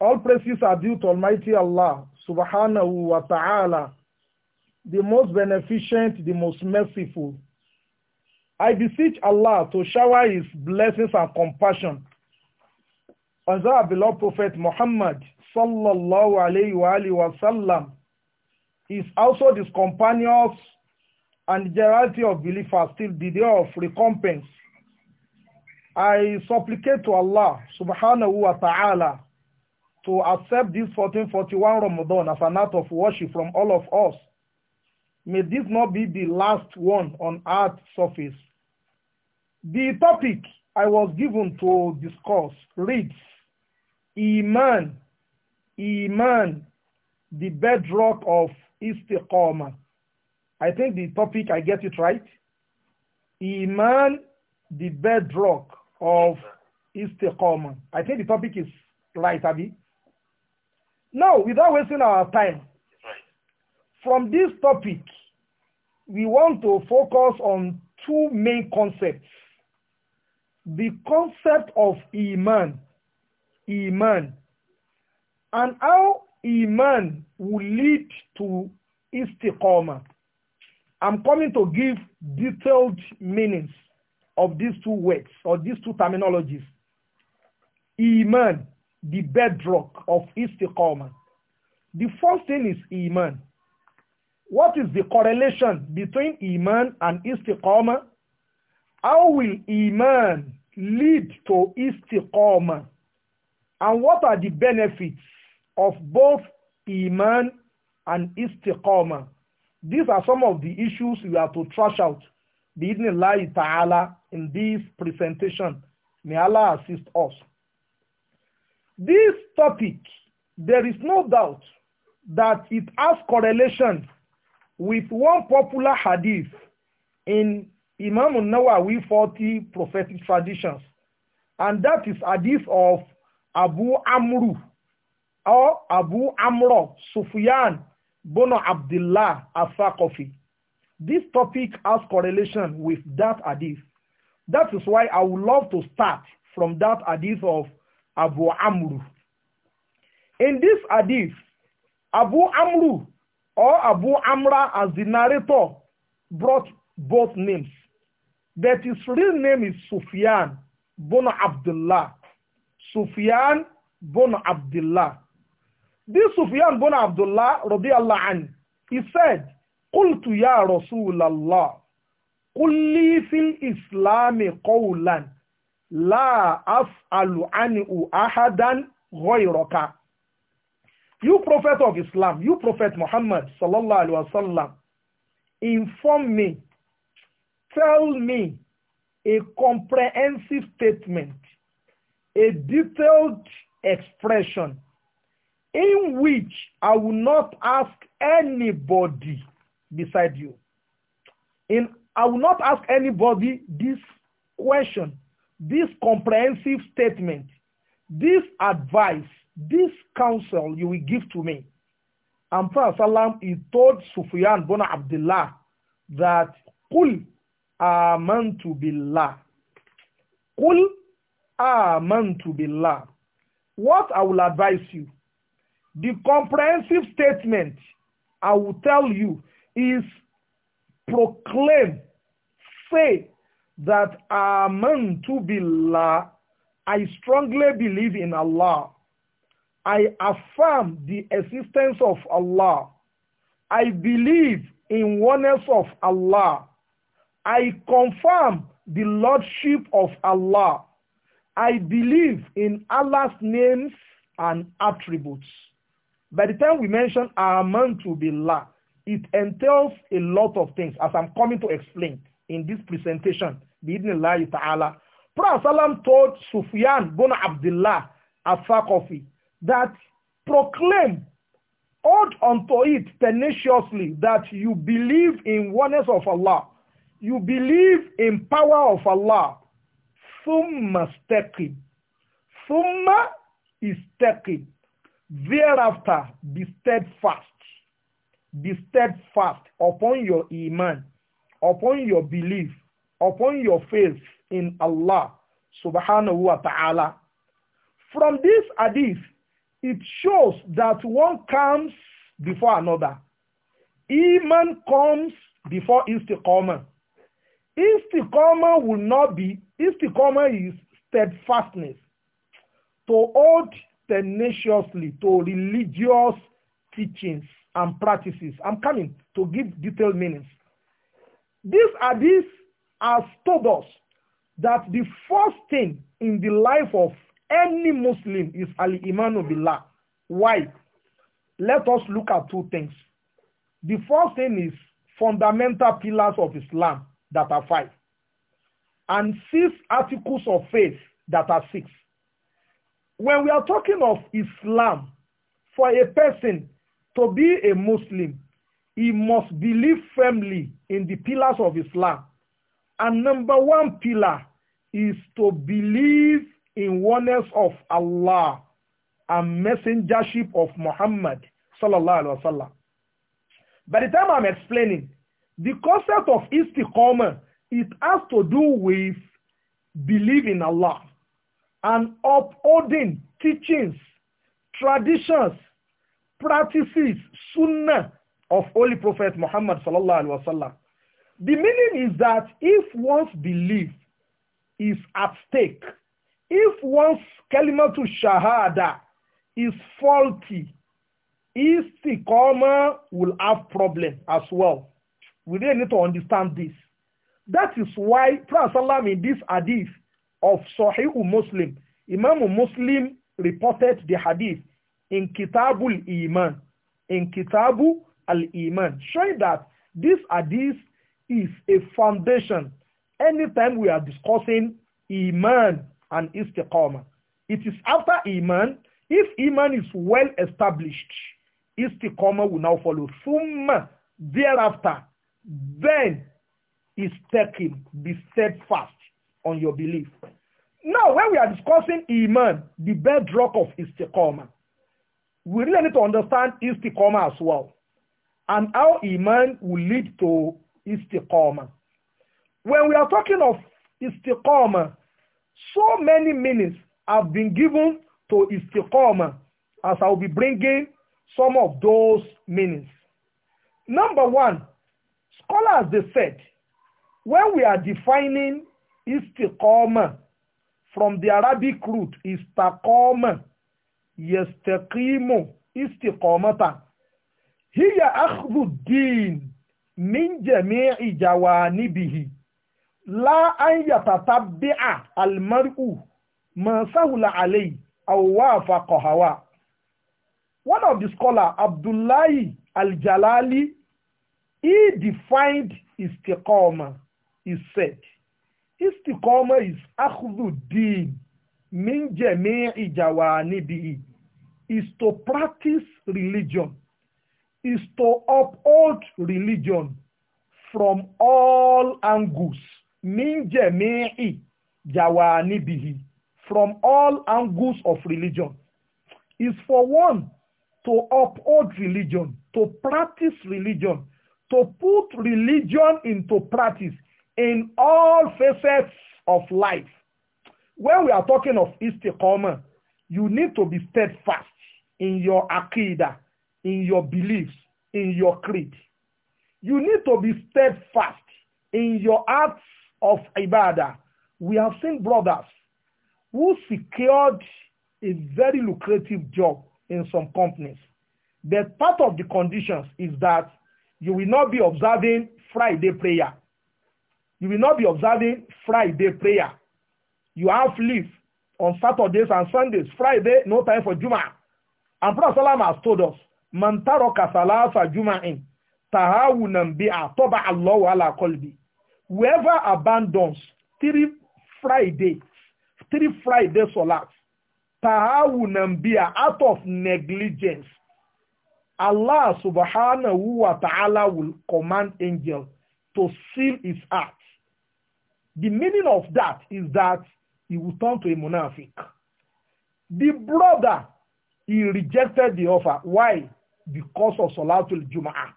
All praises are due to Almighty Allah subhanahu wa ta'ala, the most beneficent, the most merciful. I beseech Allah to shower his blessings and compassion on the beloved Prophet Muhammad sallallahu alayhi wa, alayhi sallam, is also his companions and the generality of believers till the day of recompense. I supplicate to Allah subhanahu wa ta'ala to accept this 1441 Ramadan as an act of worship from all of us. May this not be the last one on earth surface. The topic I was given to discuss reads, Iman, Iman, the bedrock of Istiqamah. I think the topic, I get it right. Iman, the bedrock of Istiqamah. I think the topic is right, Abi. Now, without wasting our time, from this topic, we want to focus on two main concepts. The concept of Iman, Iman, and how Iman will lead to Istiqamah. I'm coming to give detailed meanings of these two words or these two terminologies. Iman the bedrock of istiqamah. The first thing is iman. What is the correlation between iman and istiqamah? How will iman lead to istiqamah? And what are the benefits of both iman and istiqamah? These are some of the issues we are to trash out bi'idnillahi ta'ala in this presentation. May Allah assist us. This topic, there is no doubt that it has correlation with one popular hadith in Imam Nawawi 40 prophetic traditions. And that is hadith of Abu Amru or Abu Amro Sufyan Bono Abdullah Afakofi. This topic has correlation with that hadith. That is why I would love to start from that hadith of Abu Amru. In this hadith, Abu Amru or Abu Amra as the narrator brought both names. That his real name is Sufyan bin Abdullah. Sufyan bin Abdullah. This Sufyan bin Abdullah, radiallahu anhu, he said, قلت يا رسول الله قل لي في الإسلام قولا La af'alu ani'u ahadan ghayraka. You prophet of Islam, you prophet Muhammad sallallahu alaihi wasallam, inform me, tell me a comprehensive statement, a detailed expression in which I will not ask anybody beside you. In I will not ask anybody this question this comprehensive statement, this advice, this counsel you will give to me. And Prophet Salam, he told Sufyan bin Abdullah that, Qul amantu billah. Qul amantu billah. What I will advise you, the comprehensive statement I will tell you is proclaim, say, that amantu billah, I strongly believe in Allah. I affirm the existence of Allah. I believe in oneness of Allah. I confirm the lordship of Allah. I believe in Allah's names and attributes. By the time we mention amantu billah, it entails a lot of things as I'm coming to explain in this presentation. Bidnillahi ta'ala. Prophet Salam told Sufyan bin Abdullah al-Thaqafi that proclaim, hold unto it tenaciously that you believe in oneness of Allah. You believe in power of Allah. Thumma istaqim. Thumma istaqim. Thereafter, be steadfast. Be steadfast upon your iman, upon your belief upon your faith in Allah subhanahu wa ta'ala. From this hadith, it shows that one comes before another. Iman comes before istiqamah. Istiqamah will not be, istiqamah is steadfastness. To hold tenaciously to religious teachings and practices. I'm coming to give detailed meanings. This hadith has told us that the first thing in the life of any Muslim is Ali imanu billah. Why? Let us look at two things. The first thing is fundamental pillars of Islam that are five, and six articles of faith that are six. When we are talking of Islam, for a person to be a Muslim, he must believe firmly in the pillars of Islam And number one pillar is to believe in oneness of Allah and messengership of Muhammad sallallahu alaihi wasallam. By the time I'm explaining, the concept of istiqamah, it has to do with believing Allah and upholding teachings, traditions, practices, sunnah of Holy Prophet Muhammad sallallahu alaihi wasallam. The meaning is that if one's belief is at stake, if one's kalimatu shahada is faulty, his istiqama will have problem as well. We really need to understand this. That is why Prophet in this hadith of Sahih Muslim, Imam Muslim reported the hadith in Kitabul Iman, in Kitabu al-Iman, showing that this hadith is a foundation. Anytime we are discussing Iman and istiqama, it is after Iman. If Iman is well established, istiqama will now follow. Summa, thereafter, then is taking, be steadfast on your belief. Now, when we are discussing Iman, the bedrock of istiqama, we really need to understand istiqama as well and how Iman will lead to istiqama. When we are talking of istiqama, so many meanings have been given to istiqama as I will be bringing some of those meanings. Number one, scholars they said, when we are defining istiqama from the Arabic root istaqama, yestaqimu, istiqamata, hiya akhdhu din míńjẹ̀mí ìjàwá níbìhì láàyàtàtà bíà àlùmọ́rìkù mọ̀sáhùlà àlẹ́ àwòwá àfàkọ̀hàwà. One of the scholar, Abdullahi Al-Jalali, he defined istiqama. He said, istiqama is akhdhu din min jami'i jawanibihi, is to practice religion is to uphold religion from all angles min jami'i jawanibihi from all angles of religion is for one to uphold religion to practice religion to put religion into practice in all facets of life when we are talking of istiqama you need to be steadfast in your akida in your beliefs, in your creed. You need to be steadfast in your acts of ibadah. We have seen brothers who secured a very lucrative job in some companies. But part of the conditions is that you will not be observing Friday prayer. You will not be observing Friday prayer. You have leave on Saturdays and Sundays. Friday, no time for Juma. And Prophet Salam has told us mọ̀ntàrọ̀ kàsàláfà jùmọ̀in tàhàwù nàmbí àtọ́bà àlọ́wọ̀ alákọ́lùbí whoever abandons three Fridays, three friday solat tàhàwù nàmbí out of negligence Allah subhanahu wa ta'ala will command angel to seal his heart. The meaning of that is that he will turn to a munafik. The brother, he rejected the offer. Why? because of Salatul Jum'ah.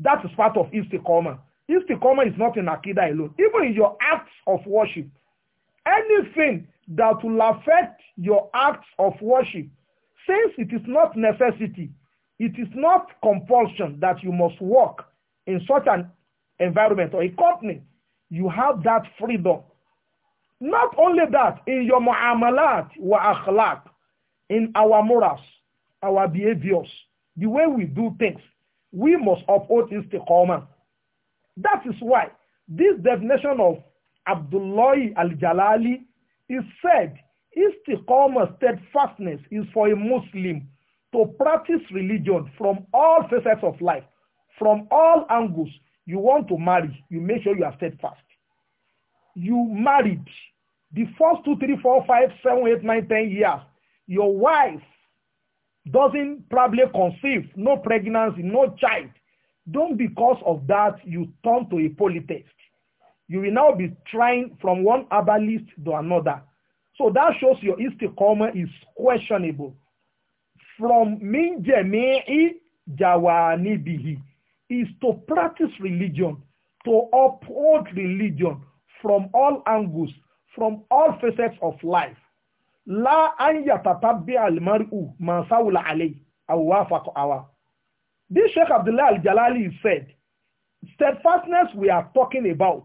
That is part of istiqomah. Istiqomah is not in Akida alone. Even in your acts of worship, anything that will affect your acts of worship, since it is not necessity, it is not compulsion that you must work in such an environment or a company, you have that freedom. Not only that, in your mu'amalat wa akhlaq, in our morals, our behaviors, the way we do things, we must uphold istiqamah. That is why this definition of Abdullah al-Jalali is said, is istiqamah, steadfastness, is for a Muslim to practice religion from all facets of life, from all angles. You want to marry, you make sure you are steadfast. You married the first two, three, four, five, seven, eight, nine, ten years. Your wife doesn't probably conceive, no pregnancy, no child, don't because of that you turn to a polytheist. You will now be trying from one herbalist to another. So that shows your istiqama is questionable. From min jawani bihi is to practice religion, to uphold religion from all angles, from all facets of life la an yatatabi almaru ma sawula alay aw wafaqa awa this sheikh abdullah al-jalali said steadfastness we are talking about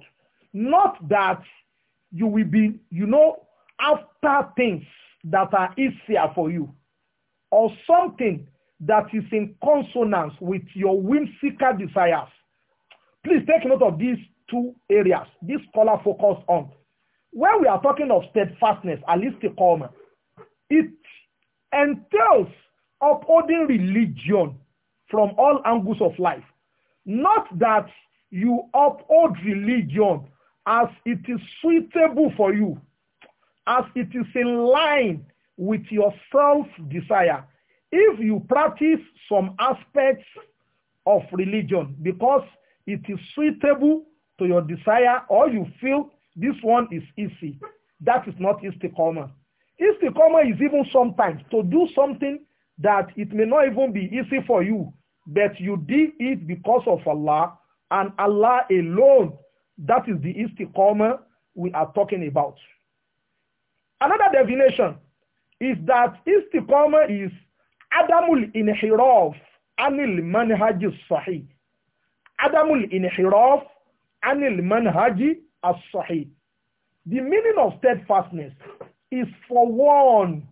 not that you will be you know after things that are easier for you or something that is in consonance with your whimsical desires please take note of these two areas this scholar focused on When we are talking of steadfastness, at least the common, it entails upholding religion from all angles of life. Not that you uphold religion as it is suitable for you, as it is in line with your self-desire. If you practice some aspects of religion because it is suitable to your desire or you feel This one is easy. That is not istiqama. Istiqama is even sometimes to do something that it may not even be easy for you, but you did it because of Allah and Allah alone. That is the istiqama we are talking about. Another definition is that istiqama is adamul inhiraf anil manhaj sahih. Adamul inhiraf anil manhaj as-sahih. The meaning of steadfastness is for one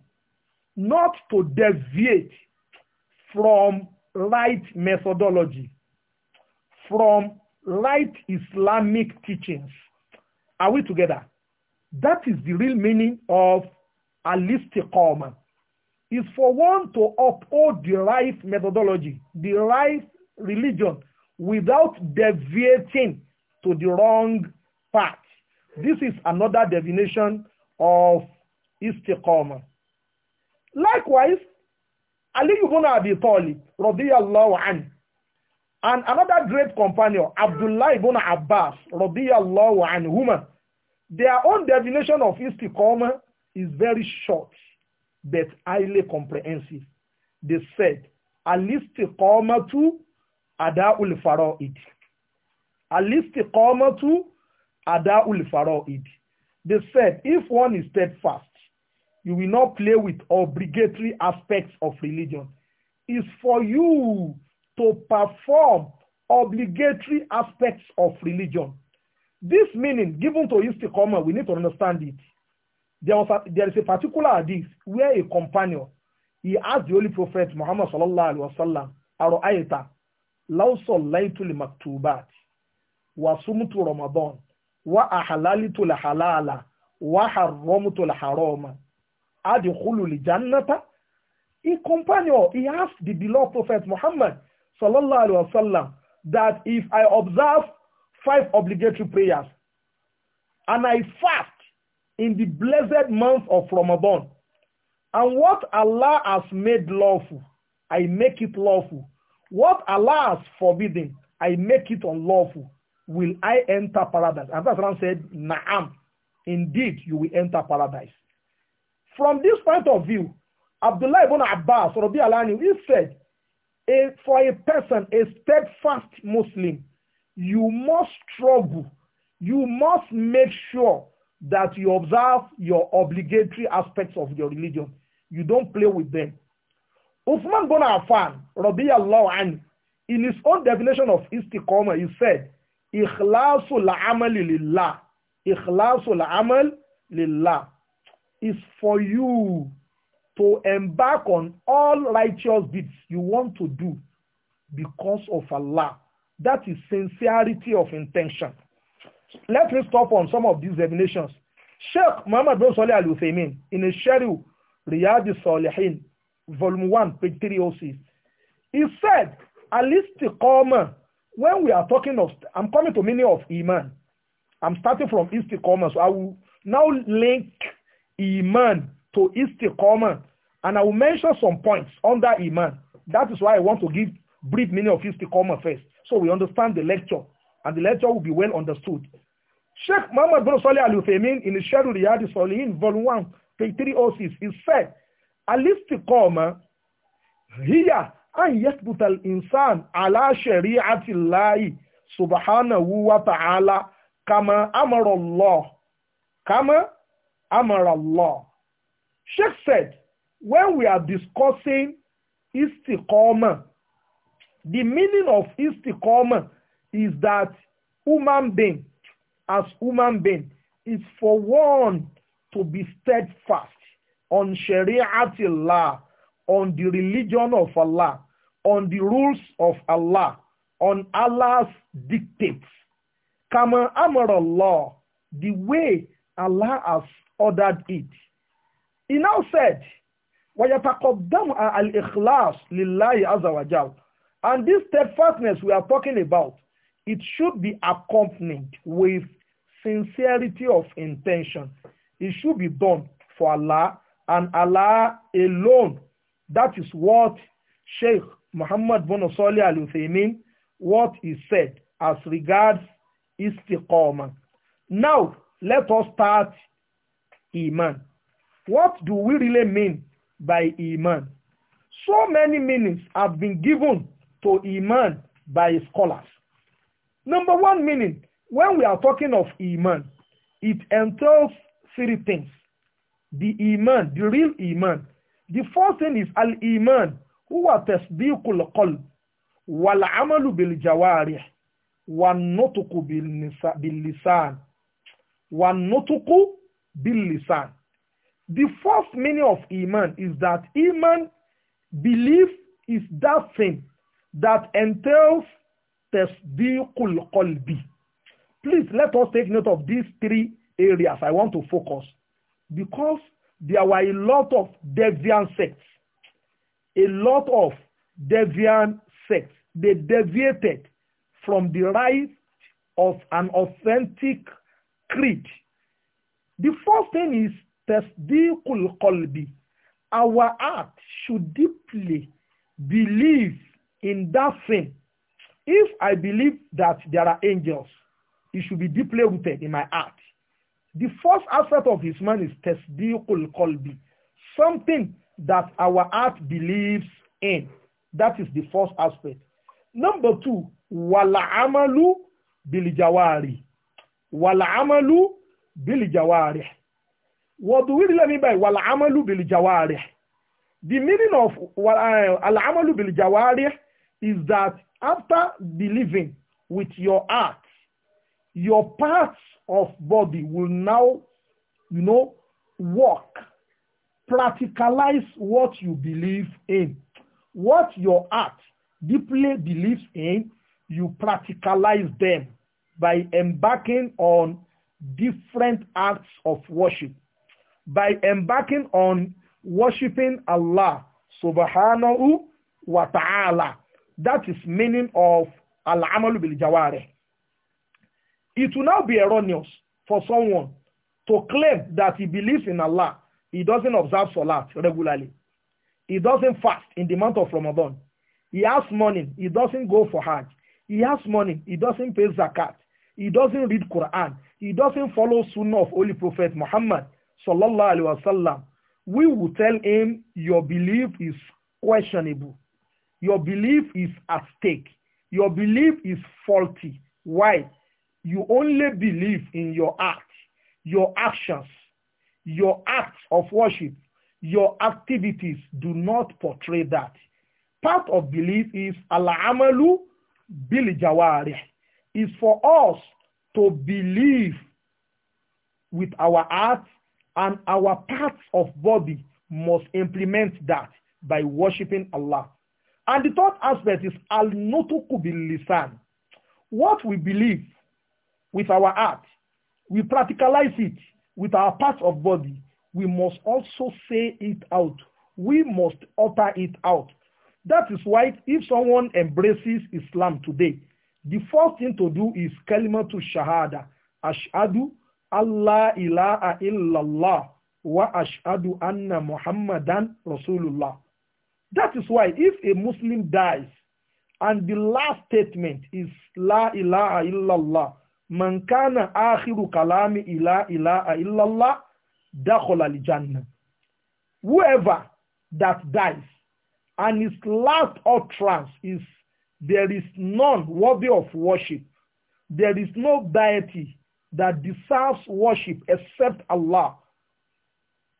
not to deviate from right methodology, from right Islamic teachings. Are we together? That is the real meaning of al Is for one to uphold the right methodology, the right religion, without deviating to the wrong fact. This is another definition of istiqama. Likewise, Ali ibn Abi Talib, radiyallahu anhu, and another great companion, Abdullah ibn Abbas, radiyallahu anhuma, their own definition of istiqama is very short but highly comprehensive. They said, al-istiqamatu ada'ul fara'id. Al-istiqamatu Ada Adaul Faraid. They said, if one is steadfast, you will not play with obligatory aspects of religion. It's for you to perform obligatory aspects of religion. This meaning given to Istiqomah, we need to understand it. There, was a, there is a particular hadith where a companion, he asked the Holy Prophet Muhammad sallallahu alaihi wasallam, "Aro law sallaytu li maktubat, wa sumtu Ramadan, wá àhàlálì tó lè hàlàlà wá àrọ́mù tó lè hàrọ́mà adìkúlù lè jannata he companion he asked the beloved prophet Muhammad sallallahu alayhi wa that if I observe five obligatory prayers and I fast in the blessed month of Ramadan and what Allah has made lawful, I make it lawful. What Allah has forbidden, I make it unlawful will I enter paradise? And Prophet said, Naam, indeed you will enter paradise. From this point of view, Abdullah ibn Abbas, Rabbi Alani, he said, a, for a person, a steadfast Muslim, you must struggle. You must make sure that you observe your obligatory aspects of your religion. You don't play with them. Uthman bin Affan, Rabbi Allah, in his own definition of istiqamah, he said, ikhlasu la'amali lillah ikhlasu la'amal lillah is for you to embark on all righteous deeds you want to do because of Allah. That is sincerity of intention. Let me stop on some of these definitions. Sheikh Muhammad bin Salih Al Uthaymeen in his Sharif Riyad Salihin, Volume 1, page 306, he said, Al-istiqama when we are talking of, I'm coming to meaning of Iman. I'm starting from Istiqomah. So I will now link Iman to Istiqomah. And I will mention some points under Iman. That is why I want to give brief meaning of Istiqomah first. So we understand the lecture. And the lecture will be well understood. Sheikh Muhammad bin Salih al-Uthaymeen in the Sharul Riyadi Salihin, Volume 1, page 306, he said, Al-Istiqomah, here an yathbuta al-insan ala shari'ati llahi subhanahu wa ta'ala kama amara Allah kama amara Allah Sheikh said when we are discussing istiqama the meaning of istiqama is that human being as human being is for one to be steadfast on shari'ati Allah on the religion of Allah, on the rules of Allah, on Allah's dictates. Kama amar Allah, the way Allah has ordered it. He now said, وَيَتَقَدَّمْ al-ikhlas lillahi azawajal. And this steadfastness we are talking about, it should be accompanied with sincerity of intention. It should be done for Allah and Allah alone That is what Sheikh Muhammad bin Salih Al Uthaymeen what he said as regards istiqama. Now let us start iman. What do we really mean by iman? So many meanings have been given to iman by scholars. Number one meaning, when we are talking of iman, it entails three things. The iman, the real iman, The first thing is al-iman huwa tasdiqul qalb wal amalu bil jawarih wan nutqu bil lisan wan nutqu bil lisan. The first meaning of iman is that iman belief is that thing that entails tasdiqul qalbi. Please let us take note of these three areas I want to focus because there were a lot of deviant sects. A lot of deviant sects. They deviated from the right of an authentic creed. The first thing is tasdiqul qalbi. Our heart should deeply believe in that thing. If I believe that there are angels, it should be deeply rooted in my heart. The first aspect of Isman is tasdiqul qalbi, something that our heart believes in. That is the first aspect. Number two, wala amalu bil bilijawari. Wala amalu bil jawari. What do we really mean by wala amalu bil jawari. The meaning of eh, al amalu bil jawari is that after believing with your heart, your parts of body will now, you know, work, practicalize what you believe in. What your heart deeply believes in, you practicalize them by embarking on different acts of worship, by embarking on worshiping Allah subhanahu wa ta'ala. That is meaning of al-amalu bil it will now be erroneous for someone to claim that he believes in Allah. He doesn't observe Salat regularly. He doesn't fast in the month of Ramadan. He has money. He doesn't go for Hajj. He has money. He doesn't pay zakat. He doesn't read Quran. He doesn't follow Sunnah of Holy Prophet Muhammad sallallahu alaihi wasallam. We will tell him your belief is questionable. Your belief is at stake. Your belief is faulty. Why? You only believe in your act, your actions, your acts of worship, your activities do not portray that. Part of belief is al-amalu jawari is for us to believe with our heart and our parts of body must implement that by worshiping Allah. And the third aspect is al-nutuku bil-lisan. What we believe with our heart. We practicalize it with our parts of body. We must also say it out. We must utter it out. That is why if someone embraces Islam today, the first thing to do is kalimatu shahada. Ashadu Allah ilaha illallah wa ashadu anna Muhammadan Rasulullah. That is why if a Muslim dies and the last statement is La ilaha illallah akhiru kalami ila illallah dakhala aljanna. Whoever that dies and his last utterance is there is none worthy of worship. There is no deity that deserves worship except Allah.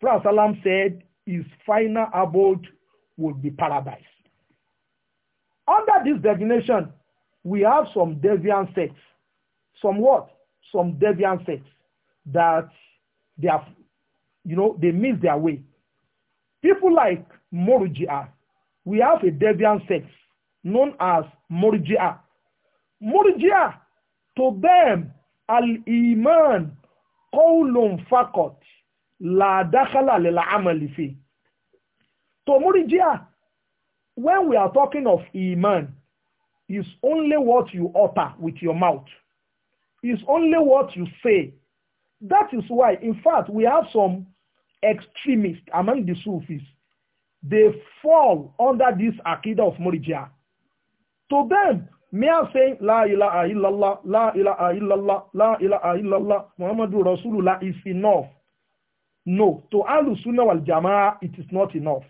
Prophet said his final abode will be paradise. Under this designation, we have some deviant sects some what? Some deviant sects that they have, you know, they miss their way. People like Morujia, we have a deviant sect known as Morujia. Morujia, to them, al-iman qawlun faqat la dakhala lil amali fi. To Morujia, when we are talking of iman, is only what you utter with your mouth is only what you say. That is why, in fact, we have some extremists among the Sufis. They fall under this akida of Murija. To them, mere saying, La ilaha illallah, La ilaha illallah, La ilaha illallah, Muhammadu Rasulullah is enough. No, to Ahlus Sunnah wal Jama'ah, it is not enough.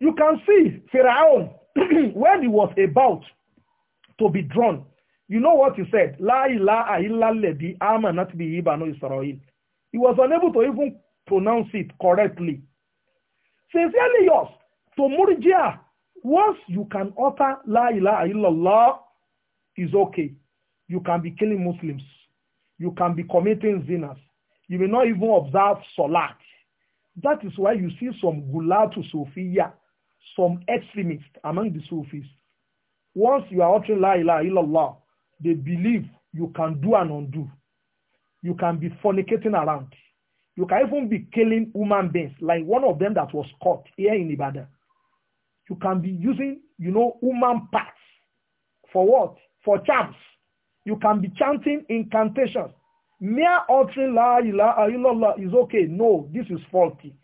You can see Pharaoh, when he was about to be drawn, You know what he said? La ilaha illallah amanat bihi banu Israel. He was unable to even pronounce it correctly. Sincerely yours, to Murjia, once you can utter La ilaha illallah, is okay. You can be killing Muslims. You can be committing zinas. You may not even observe Salat. That is why you see some Gulatu Sofiya, some extremists among the Sufis. Once you are uttering La ilaha illallah, they believe you can do and undo. You can be fornicating around. You can even be killing human beings, like one of them that was caught here in Ibadan. You can be using, you know, human parts for what? For charms. You can be chanting incantations. Mere uttering la ilaha illallah is okay. No, this is faulty.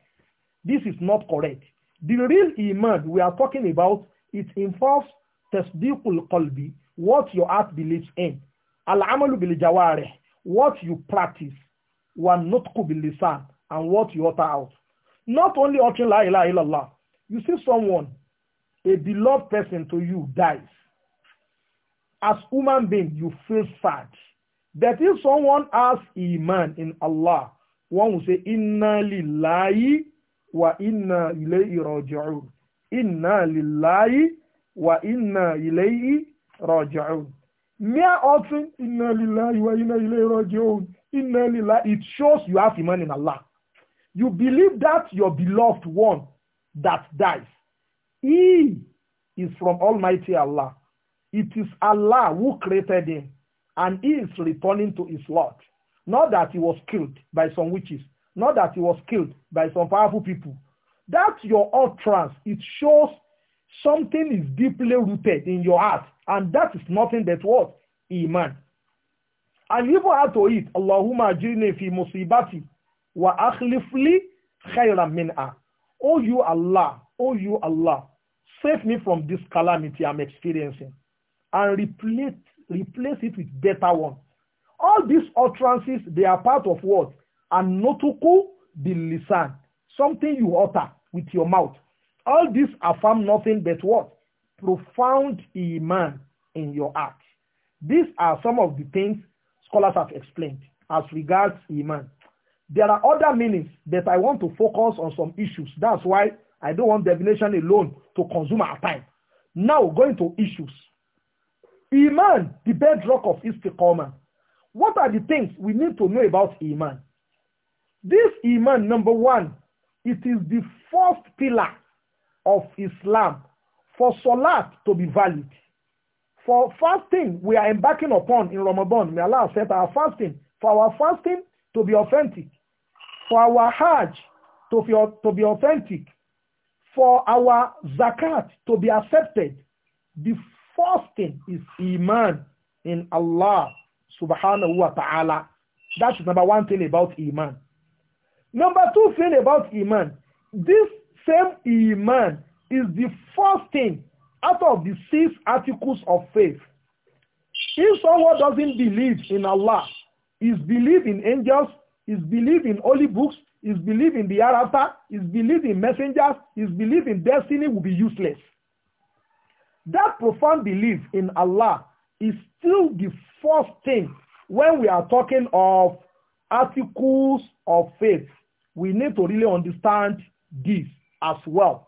This is not correct. The real iman we are talking about, it involves tasdiqul qalbi, what your heart believes in. Al-amalu bil jawari, what you practice. Wa nutqu bil lisan, and what you utter out. Not only uttering la ilaha illallah. You see someone, a beloved person to you dies. As human being, you feel sad. That if someone has iman in Allah, one will say, Inna lillahi wa inna ilayhi raji'un. Inna lillahi wa inna ilayhi Mere Inna lillahi wa inna ilayhi Inna lillahi. It shows you have iman in Allah. You believe that your beloved one that dies, he is from Almighty Allah. It is Allah who created him, and he is returning to his Lord. Not that he was killed by some witches, not that he was killed by some powerful people. That's your utterance. It shows something is deeply rooted in your heart And that is nothing but what? Iman. And even add to it, Allahumma ajirni fi musibati wa akhlifli khayran mina. Oh you Allah, oh you Allah, save me from this calamity I'm experiencing and replace, replace it with better one. All these utterances, they are part of what? Anotuku bilisan, something you utter with your mouth. All these affirm nothing but what? profound iman in your heart. These are some of the things scholars have explained as regards iman. There are other meanings that I want to focus on some issues. That's why I don't want divination alone to consume our time. Now going to issues. Iman, the bedrock of istiqamah. What are the things we need to know about iman? This iman, number one, it is the first pillar of Islam for salat to be valid, for fasting we are embarking upon in Ramadan, may Allah accept our fasting, for our fasting to be authentic, for our Hajj to be, to be authentic, for our zakat to be accepted, the first thing is iman in Allah subhanahu wa ta'ala. That is number one thing about iman. Number two thing about iman, this same iman is the first thing out of the six articles of faith. If someone doesn't believe in Allah, is believe in angels, is believe in holy books, is believe in the hereafter, is believe in messengers, is believe in destiny will be useless. That profound belief in Allah is still the first thing when we are talking of articles of faith. We need to really understand this as well.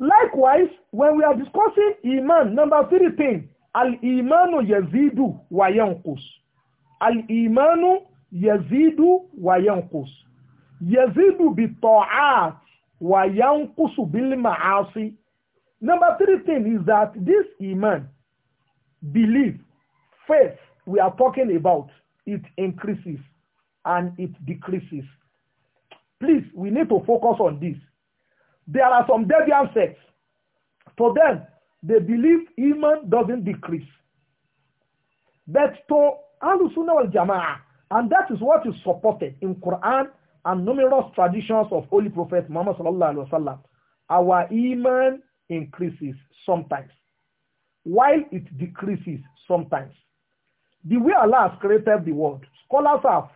Likewise, when we are discussing Iman, number three thing, Al-Imanu yazidu wa Al-Imanu yazidu wa yezidu Yazidu bi ta'at wa bil ma'asi. Number three thing is that this Iman, belief, faith we are talking about, it increases and it decreases. Please, we need to focus on this. There are some deviant sects. For them, they believe iman doesn't decrease. But to Al-Sunnah wal-Jama'ah, and that is what is supported in Quran and numerous traditions of Holy Prophet Muhammad sallallahu alaihi wasallam, our iman increases sometimes, while it decreases sometimes. The way Allah has created the world, scholars have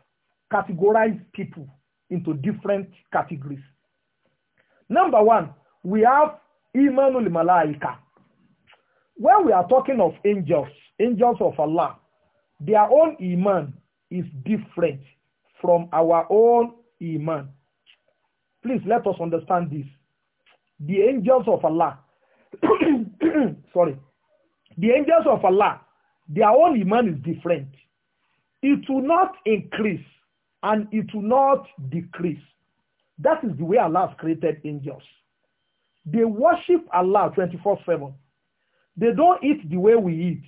categorized people into different categories. Number one, we have Imanul Malaika. When we are talking of angels, angels of Allah, their own Iman is different from our own Iman. Please let us understand this. The angels of Allah, sorry, the angels of Allah, their own Iman is different. It will not increase and it will not decrease. That is the way Allah has created angels. They worship Allah 24-7. They don't eat the way we eat.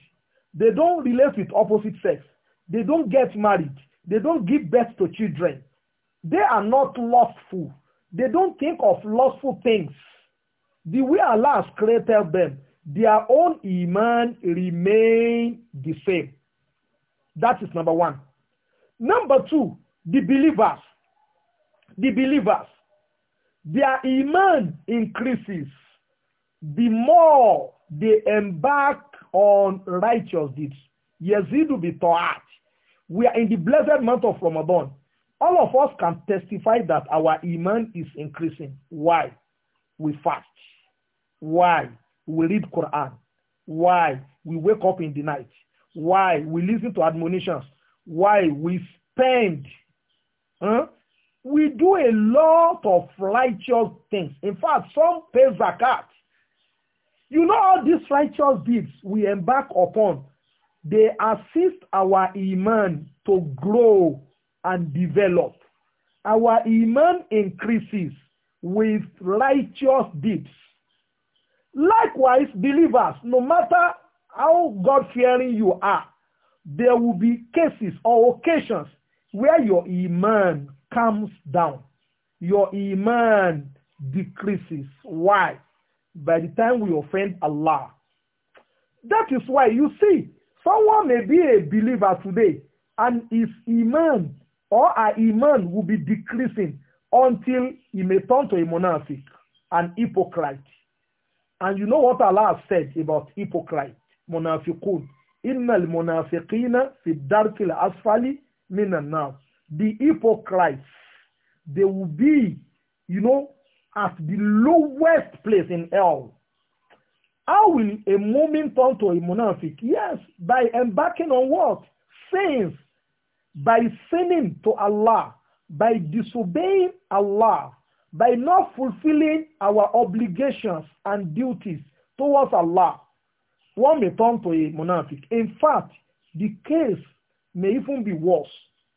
They don't relate with opposite sex. They don't get married. They don't give birth to children. They are not lustful. They don't think of lustful things. The way Allah has created them, their own iman remain the same. That is number one. Number two, the believers. the believers, their iman increases the more they embark on righteous deeds. Yazidu bi ta'at. We are in the blessed month of Ramadan. All of us can testify that our iman is increasing. Why? We fast. Why? We read Quran. Why? We wake up in the night. Why? We listen to admonitions. Why? We spend huh? We do a lot of righteous things. In fact, some pay zakat. You know all these righteous deeds we embark upon, they assist our iman to grow and develop. Our iman increases with righteous deeds. Likewise, believers, no matter how God-fearing you are, there will be cases or occasions where your iman Comes down. Your iman decreases. Why? By the time we offend Allah. That is why you see, someone may be a believer today and his iman or our iman will be decreasing until he may turn to a monastic, an hypocrite. And you know what Allah said about hypocrite, munafiqun. إن المنافقين في الدرك الأسفل من النار the hypocrites, they will be, you know, at the lowest place in hell. How will a moment turn to a monastic? Yes, by embarking on what? Sins. By sinning to Allah. By disobeying Allah. By not fulfilling our obligations and duties towards Allah. One may turn to a monastic. In fact, the case may even be worse.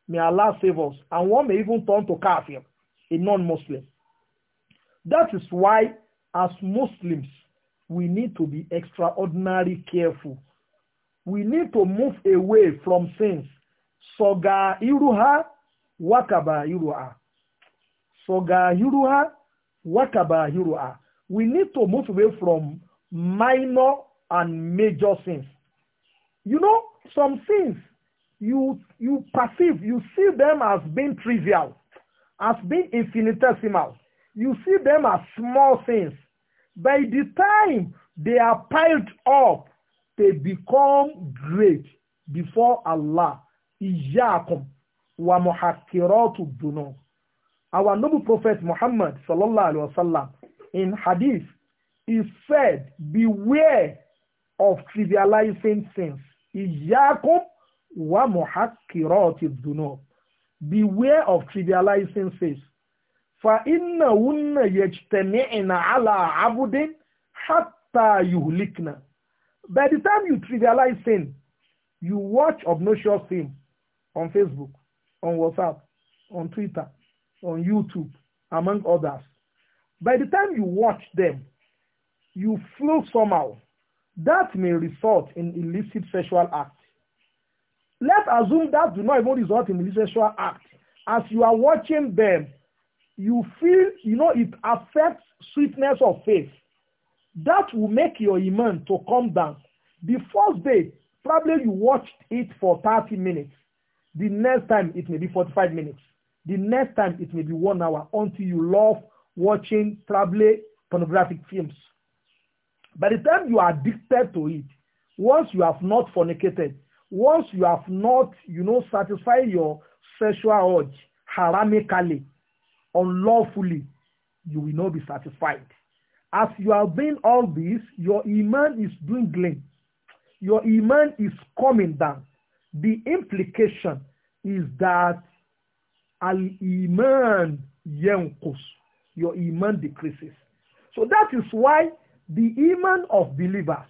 May Allah save us. And one may even turn to kafir, a non-Muslim. That is why, as Muslims, we need to be extraordinarily careful. We need to move away from sins. Soga iruha, wakaba iruha. Soga iruha, wakaba iruha. We need to move away from minor and major sins. You know, some sins you, you perceive, you see them as being trivial, as being infinitesimal. You see them as small things. By the time they are piled up, they become great before Allah. Iyakum wa muhakkiratu dunū. Our noble prophet Muhammad sallallahu alaihi wasallam in hadith he said, beware of trivializing things. Iyakum wa muhakkirati beware of trivializing sins fa inna wunna yajtami'na ala abudin hatta yuhlikna by the time you trivialize sin you watch obnoxious sin on facebook on whatsapp on twitter on youtube among others by the time you watch them you feel somehow that may result in illicit sexual acts Let's assume that do not even result in sexual act. As you are watching them, you feel, you know, it affects sweetness of faith. That will make your iman to come down. The first day, probably you watched it for 30 minutes. The next time, it may be 45 minutes. The next time, it may be one hour until you love watching probably pornographic films. By the time you are addicted to it, once you have not fornicated, once you have not you know satisfied your sexual urge haramically unlawfully you will not be satisfied as you are doing all this your iman is dwindling your iman is coming down the implication is that al iman yankus your iman decreases so that is why the iman of believers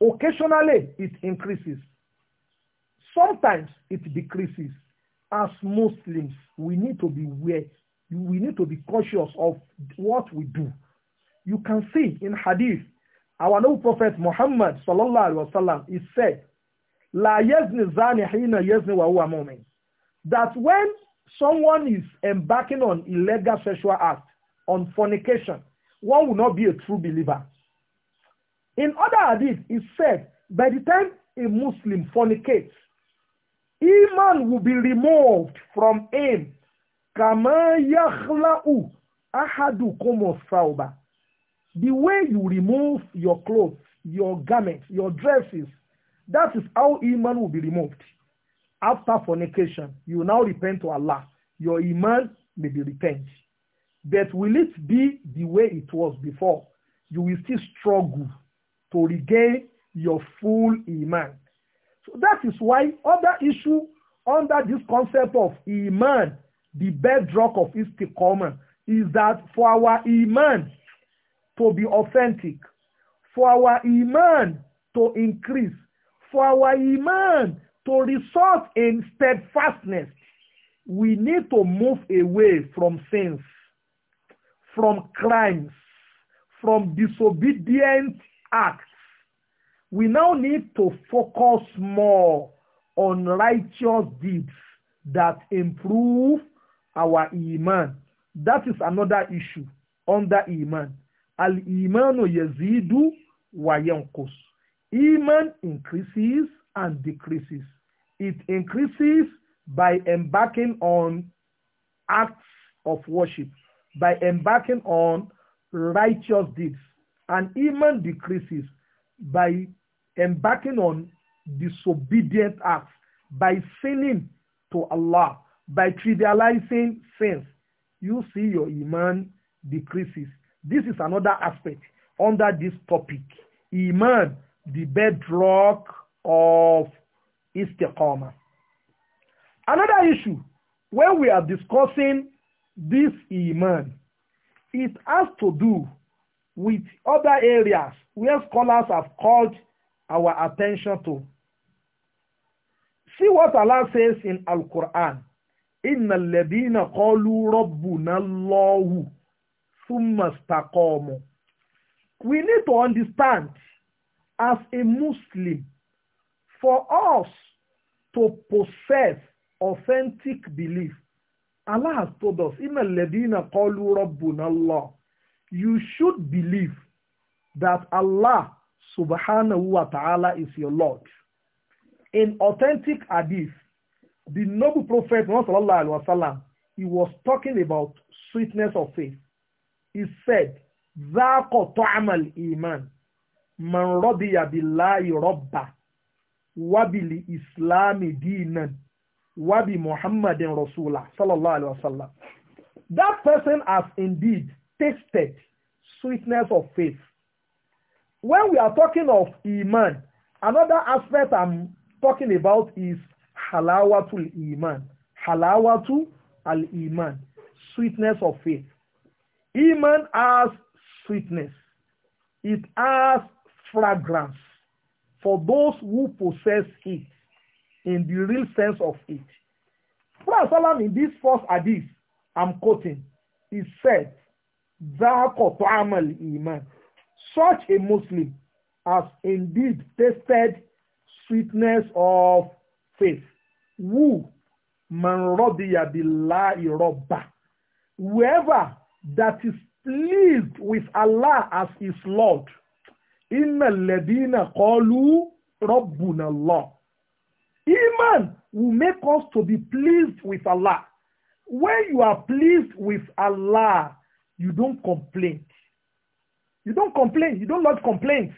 occasionally it increases Sometimes it decreases. As Muslims, we need to be aware, we need to be cautious of what we do. You can see in Hadith, our noble prophet Muhammad sallallahu alaihi wasallam is said, "La yazni zani hina yazni wa huwa mu'min." That when someone is embarking on illegal sexual act, on fornication, one will not be a true believer. In other hadith, it said, by the time a Muslim fornicates, Iman will be removed from him. Kama The way you remove your clothes, your garments, your dresses, that is how Iman will be removed. After fornication, you now repent to Allah. Your Iman may be repent. But will it be the way it was before? You will still struggle to regain your full Iman. So that is why other issue under this concept of Iman, the bedrock of Istiqomah, is that for our Iman to be authentic, for our Iman to increase, for our Iman to result in steadfastness, we need to move away from sins, from crimes, from disobedient acts we now need to focus more on righteous deeds that improve our iman. That is another issue under iman. Al imanu yazidu wa yankus. Iman increases and decreases. It increases by embarking on acts of worship, by embarking on righteous deeds. And iman decreases by embarking on disobedient acts by sinning to Allah, by trivializing sins, you see your iman decreases. This is another aspect under this topic. Iman, the bedrock of istiqamah. Another issue, when we are discussing this iman, it has to do with other areas where scholars have called our attention to. See what Allah says in Al-Quran. إِنَّ الَّذِينَ قَالُوا رَبُّنَا اللَّهُ ثُمَّ اسْتَقَامُوا We need to understand as a Muslim for us to possess authentic belief. Allah has told us, إِنَّ الَّذِينَ قَالُوا رَبُّنَا اللَّهُ You should believe that Allah subhanahu wa ta'ala is your Lord. In authentic hadith, the noble prophet Muhammad sallallahu alaihi wasallam, he was talking about sweetness of faith. He said, ذَاقَ طَعْمَ الْإِيمَانِ مَنْ رَضِيَ بِاللَّهِ رَبَّةً wabili islami dinan wabi muhammadin rasulah sallallahu alaihi wasallam that person has indeed tasted sweetness of faith when we are talking of iman another aspect i'm talking about is halawatul iman halawatu al iman sweetness of faith iman has sweetness it has fragrance for those who possess it in the real sense of it Prophet in this first hadith i'm quoting he said zahakoto amal iman Such a Muslim has indeed tasted sweetness of faith. Who man Whoever that is pleased with Allah as his Lord. Inna ladina qalu rabbuna Allah. Iman will make us to be pleased with Allah. When you are pleased with Allah, you don't complain. You don't complain. You don't lodge complaints.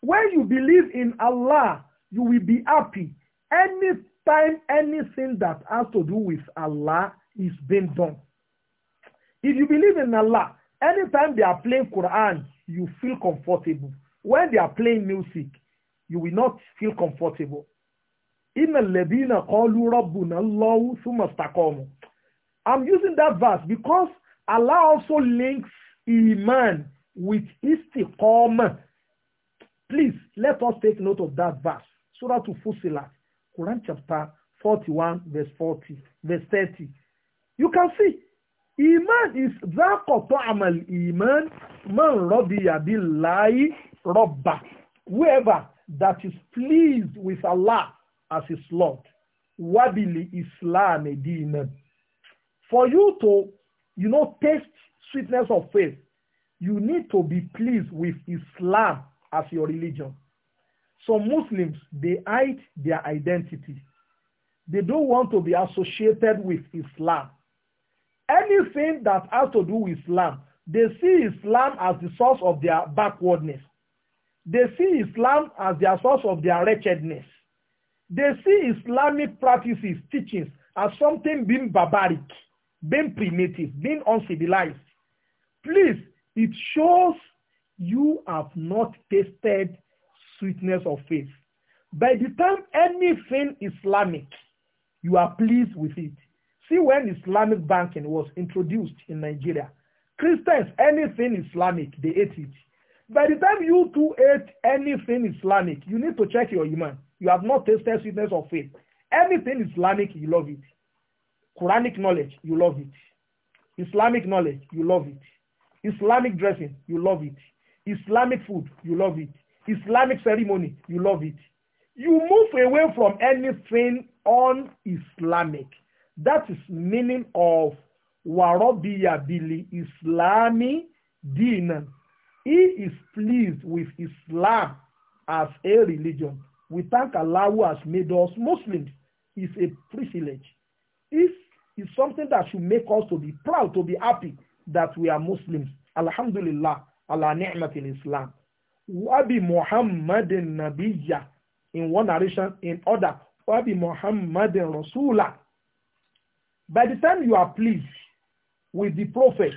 When you believe in Allah, you will be happy. Anytime anything that has to do with Allah is being done. If you believe in Allah, anytime they are playing Quran, you feel comfortable. When they are playing music, you will not feel comfortable. اسْتَقَامُوا I'm using that verse because Allah also links Iman with istiqamah. Please, let us take note of that verse. Surah to Fusilat, Quran chapter 41, verse 40, verse 30. You can see, Iman is ذَاقَ amal Iman man رَضِيَ بِاللَّهِ رَبَّةً Whoever that is pleased with Allah as his Lord, wabili Islam dinan. For you to, you know, taste sweetness of faith, you need to be pleased with Islam as your religion. Some Muslims, they hide their identity. They don't want to be associated with Islam. Anything that has to do with Islam, they see Islam as the source of their backwardness. They see Islam as their source of their wretchedness. They see Islamic practices, teachings, as something being barbaric, being primitive, being uncivilized. Please, It shows you have not tasted sweetness of faith. By the time anything Islamic, you are pleased with it. See, when Islamic banking was introduced in Nigeria, Christians, anything Islamic, they ate it. By the time you two ate anything Islamic, you need to check your iman. You have not tasted sweetness of faith. Anything Islamic, you love it. Quranic knowledge, you love it. Islamic knowledge, you love it. Islamic dressing, you love it. Islamic food, you love it. Islamic ceremony, you love it. You move away from anything un-Islamic. That is meaning of warabiya bili Islami din. He is pleased with Islam as a religion. We thank Allah who has made us Muslims. It's a privilege. It's, it's something that should make us to be proud, to be happy. that we are Muslims. Alhamdulillah, Allah ni'mat in Islam. Wabi Muhammadin Nabija, in one narration, in other, Wabi Muhammadin Rasulah. By the time you are pleased with the Prophet,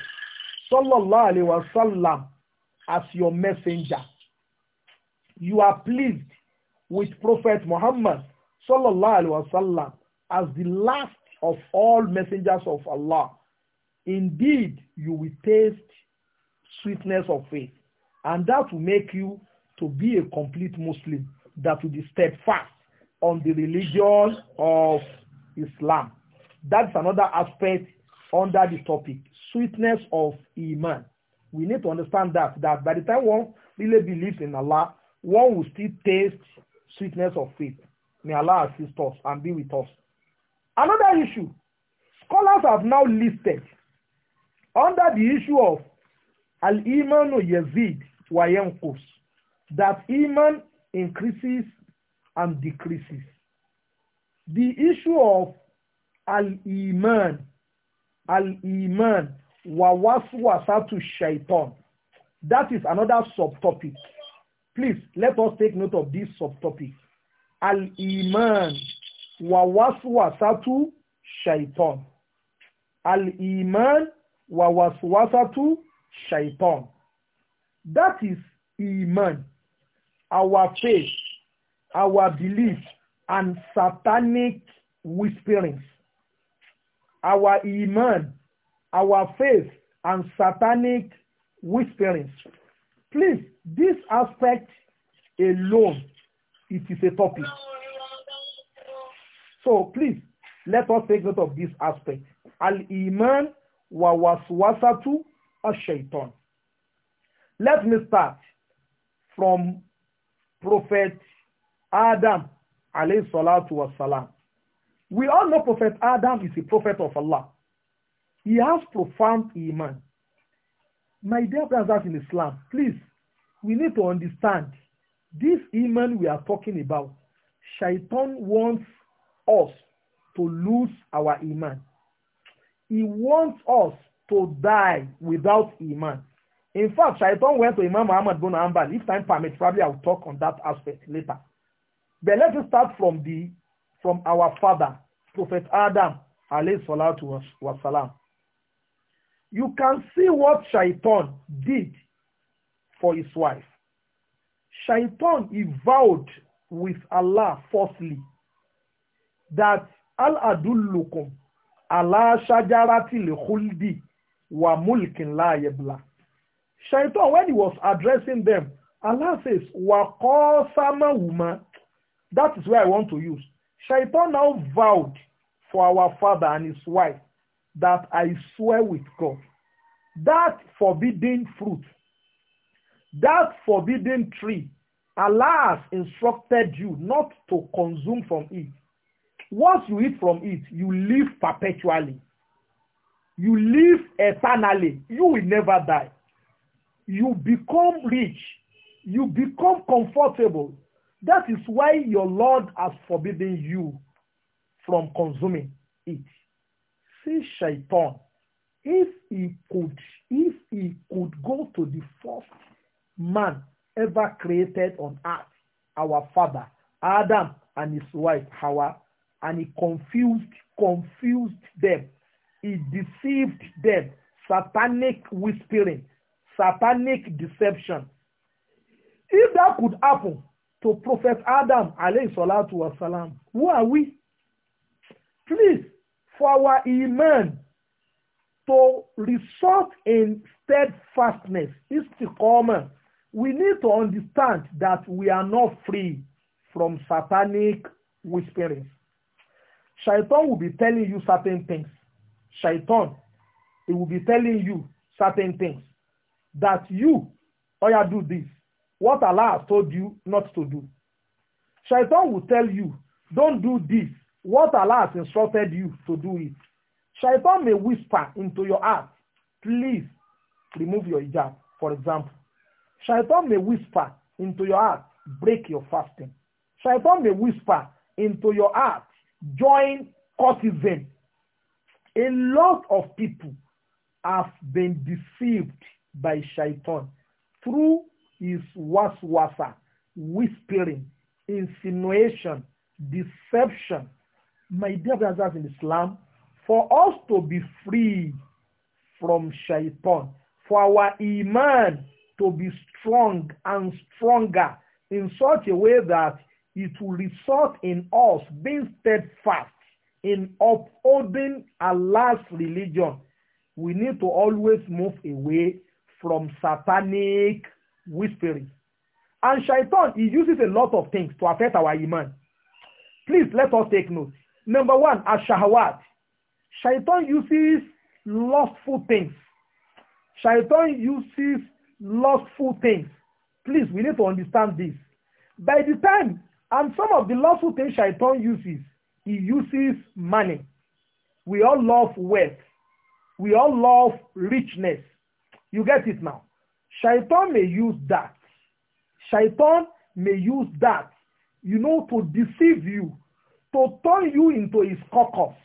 Sallallahu Alaihi Wasallam, as your messenger, you are pleased with Prophet Muhammad, Sallallahu Alaihi Wasallam, as the last of all messengers of Allah. Indeed, you will taste sweetness of faith, and that will make you to be a complete Muslim that will be steadfast on the religion of Islam. That's another aspect under the topic, sweetness of Iman. We need to understand that, that by the time one really believes in Allah, one will still taste sweetness of faith. May Allah assist us and be with us. Another issue, scholars have now listed under the issue of al-imanu yazid wa yanqus that iman increases and decreases. The issue of al-iman al-iman wa waswasatu shaitan that is another subtopic. Please let us take note of this subtopic. Al-iman wa waswasatu shaitan. Al-iman wàwàsíwásátú shaitan. That is Iman, our faith, our belief, and satanic whisperings. Our Iman, our faith, and satanic whisperings. Please, this aspect alone, it is a topic. So please, let us take note of this aspect. Al-Iman Wawaswasatu ashaiton. Let me start from Prophet Adam alayhi salatu wasalam. We all know Prophet Adam is a prophet of Allah. He has profound iman. My dear brothers in Islam, please, we need to understand this iman we are talking about. Shaitan wants us to lose our iman. He wants us to die without Iman. In fact, Shaitan went to Imam Muhammad bin Hanbal. If time permits, probably I'll talk on that aspect later. But let us start from the from our father, Prophet Adam, alayhi salatu wasalam. You can see what Shaitan did for his wife. Shaitan he vowed with Allah falsely that Al Adullukum aláṣájáratìlẹ̀ huldi wà la yebla. Shaitan when he was addressing them Allah says wà qasama woman." that is where I want to use. Shaitan now vowed for our father and his wife that I swear with God. That forbidden fruit, that forbidden tree, Allah has instructed you not to consume from it. Once you eat from it, you live perpetually. You live eternally. You will never die. You become rich. You become comfortable. That is why your Lord has forbidden you from consuming it. See Shaitan, if he could, if he could go to the first man ever created on earth, our father, Adam and his wife, Hawa, and he confused confused them he deceived them satanic whispering satanic deception if that could happen to prophet adam alayhi salatu wasalam who are we please for our iman to result in steadfastness is istiqama we need to understand that we are not free from satanic whisperings Shaitan will be telling you certain things. Shaitan, it will be telling you certain things that you, Oya, do this. What Allah has told you not to do. Shaitan will tell you, don't do this. What Allah has instructed you to do it. Shaitan may whisper into your heart, please remove your hijab, for example. Shaitan may whisper into your heart, break your fasting. Shaitan may whisper into your heart, join event. A lot of people have been deceived by Shaitan through his waswasa, whispering, insinuation, deception. My dear brothers in Islam, for us to be free from Shaitan, for our Iman to be strong and stronger in such a way that it will result in us being steadfast in upholding Allah's religion. We need to always move away from satanic whispering. And shaitan, he uses a lot of things to affect our iman. Please let us take note. Number one, ashahawat. Shaitan uses lustful things. Shaitan uses lustful things. Please, we need to understand this. By the time And some of the lawful things Shaitan uses, he uses money. We all love wealth. We all love richness. You get it now. Shaitan may use that. Shaitan may use that, you know, to deceive you, to turn you into his caucus.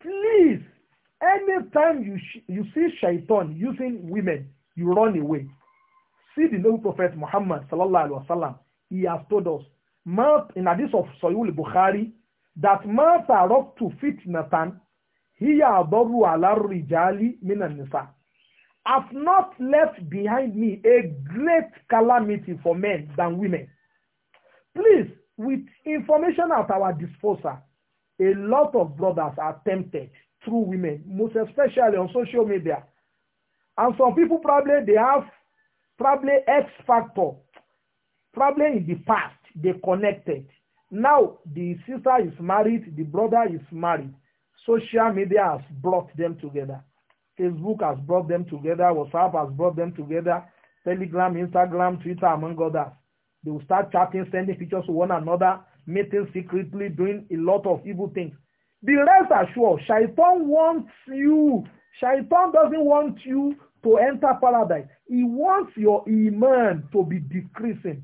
Please, anytime you, you see Shaitan using women, you run away. See the noble prophet Muhammad, sallallahu alaihi wasallam. He has told us in hadith of Sahih Bukhari that ma taraktu fitnatan hiya adaru ala rijali minan nisa. Have not left behind me a great calamity for men than women. Please, with information at our disposal, a lot of brothers are tempted through women, most especially on social media. And some people probably they have probably X factor, probably in the past they connected now the sister is married the brother is married social media has brought them together facebook has brought them together whatsapp has brought them together telegram instagram twitter among others they will start chatting sending pictures to one another meeting secretly doing a lot of evil things The rest are sure. shaitan wants you shaitan doesn't want you to enter paradise he wants your iman to be decreasing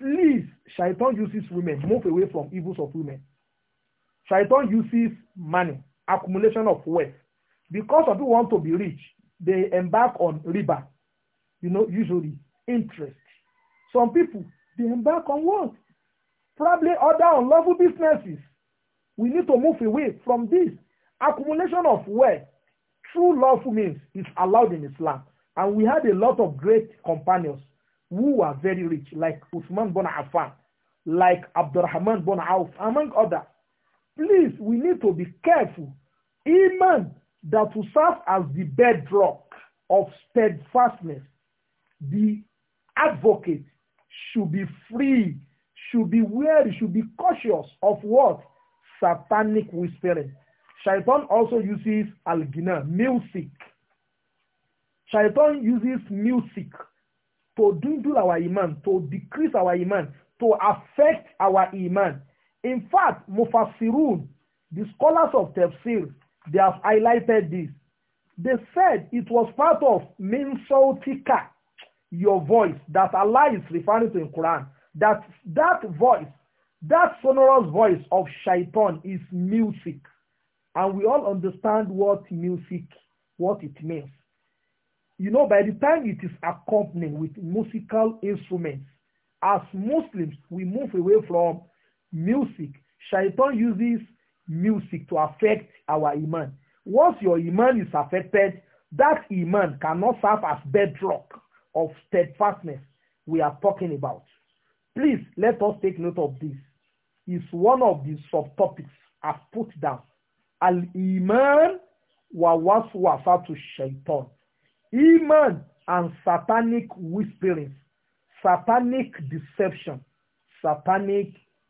Please, Shaitan uses women. Move away from evils of women. Shaitan uses money, accumulation of wealth. Because of you want to be rich, they embark on riba. You know, usually interest. Some people, they embark on what? Probably other unlawful businesses. We need to move away from this. Accumulation of wealth True lawful means is allowed in Islam. And we had a lot of great companions who were very rich, like Usman bin Affan, like Abdurrahman bin Auf, among others. Please, we need to be careful. Iman that will serve as the bedrock of steadfastness, the advocate should be free, should be wary, should be cautious of what? Satanic whispering. Shaitan also uses al-gina, music. Shaitan uses music to dwindle our iman, to decrease our iman, to affect our iman. In fact, Mufassirun, the scholars of Tafsir, they have highlighted this. They said it was part of Minsotika, your voice, that Allah is referring to in Quran. That that voice, that sonorous voice of shaitan is music. And we all understand what music, what it means you know, by the time it is accompanied with musical instruments, as Muslims, we move away from music. Shaitan uses music to affect our iman. Once your iman is affected, that iman cannot serve as bedrock of steadfastness we are talking about. Please let us take note of this. It's one of the subtopics I've put down. Al-Iman wa waswasatu shaitan. Iman and satanic whisperings, satanic deception, satanic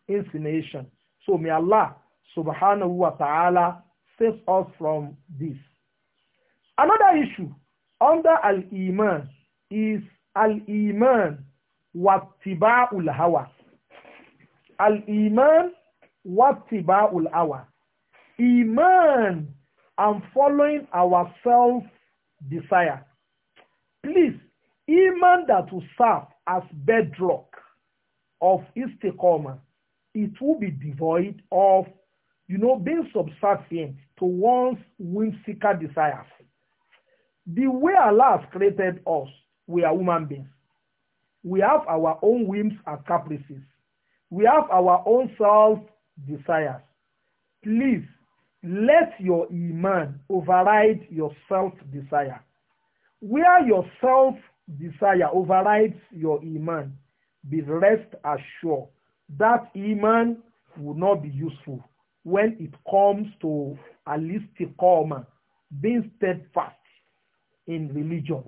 insinuation. So may Allah subhanahu wa ta'ala save us from this. Another issue under al-Iman is al-Iman wa tiba'ul hawa. Al-Iman wa tiba'ul hawa. Iman and following our self-desire Please, iman that will serve as bedrock of istiqamah, it will be devoid of, you know, being subservient to one's whimsical desires. The way Allah has created us, we are human beings. We have our own whims and caprices. We have our own self desires. Please, let your iman override your self desire. where your self desire overrides your iman be rest assured that iman will not be useful when it comes to alistiqama being steadfast in religion.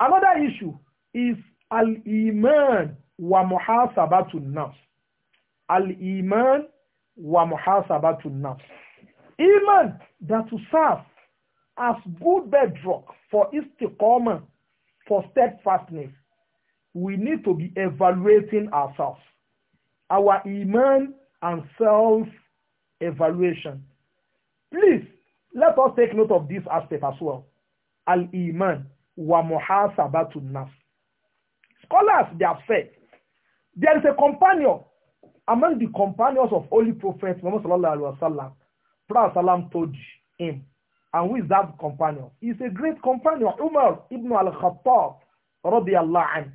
Another issue is al-iman wa muhasabatu nafs. Al-iman wa muhasabatu nafs. Iman that to serve as good bedrock for istiqama, for steadfastness, we need to be evaluating ourselves, our iman and self-evaluation. Please, let us take note of this aspect as well. Al-iman wa muhasabatun nafs. Scholars, they have said, there is a companion among the companions of Holy Prophet Muhammad sallallahu alaihi wasallam. Prophet sallam told him, And who is that companion? He's a great companion, Umar ibn al-Khattab, radiallahu anhu.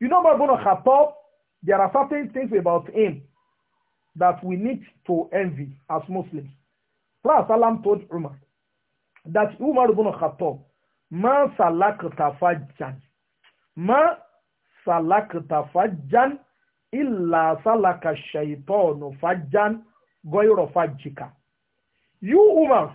You know Umar ibn al-Khattab, there are certain things about him that we need to envy as Muslims. Prophet Salam told Umar that Umar ibn al-Khattab, ma salakta fajjan, ma salakta fajjan, illa salaka shaytanu fajjan, goyro fajjika. You, Umar,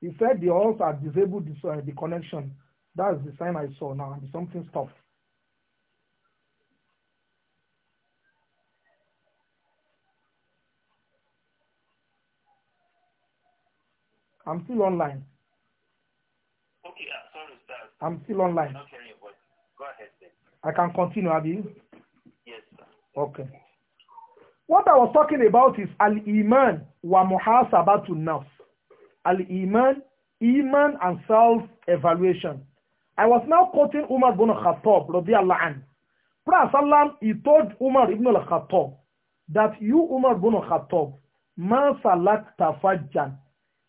He said the also had disabled this, uh, the connection. That's the sign I saw now. something stopped. I'm still online. Okay, I'm sorry, sir. I'm still online. I'm Go ahead, sir. I can continue, Abi. Yes, sir. Okay. What I was talking about is al-iman wa muhasabatu nafs. Al-Iman, Iman and self-evaluation. I was now quoting Umar ibn al-Khattab, radiallahu anhu. Prophet Sallam, he told Umar ibn al-Khattab that you, Umar ibn al-Khattab, ma salakta ta'fajjan.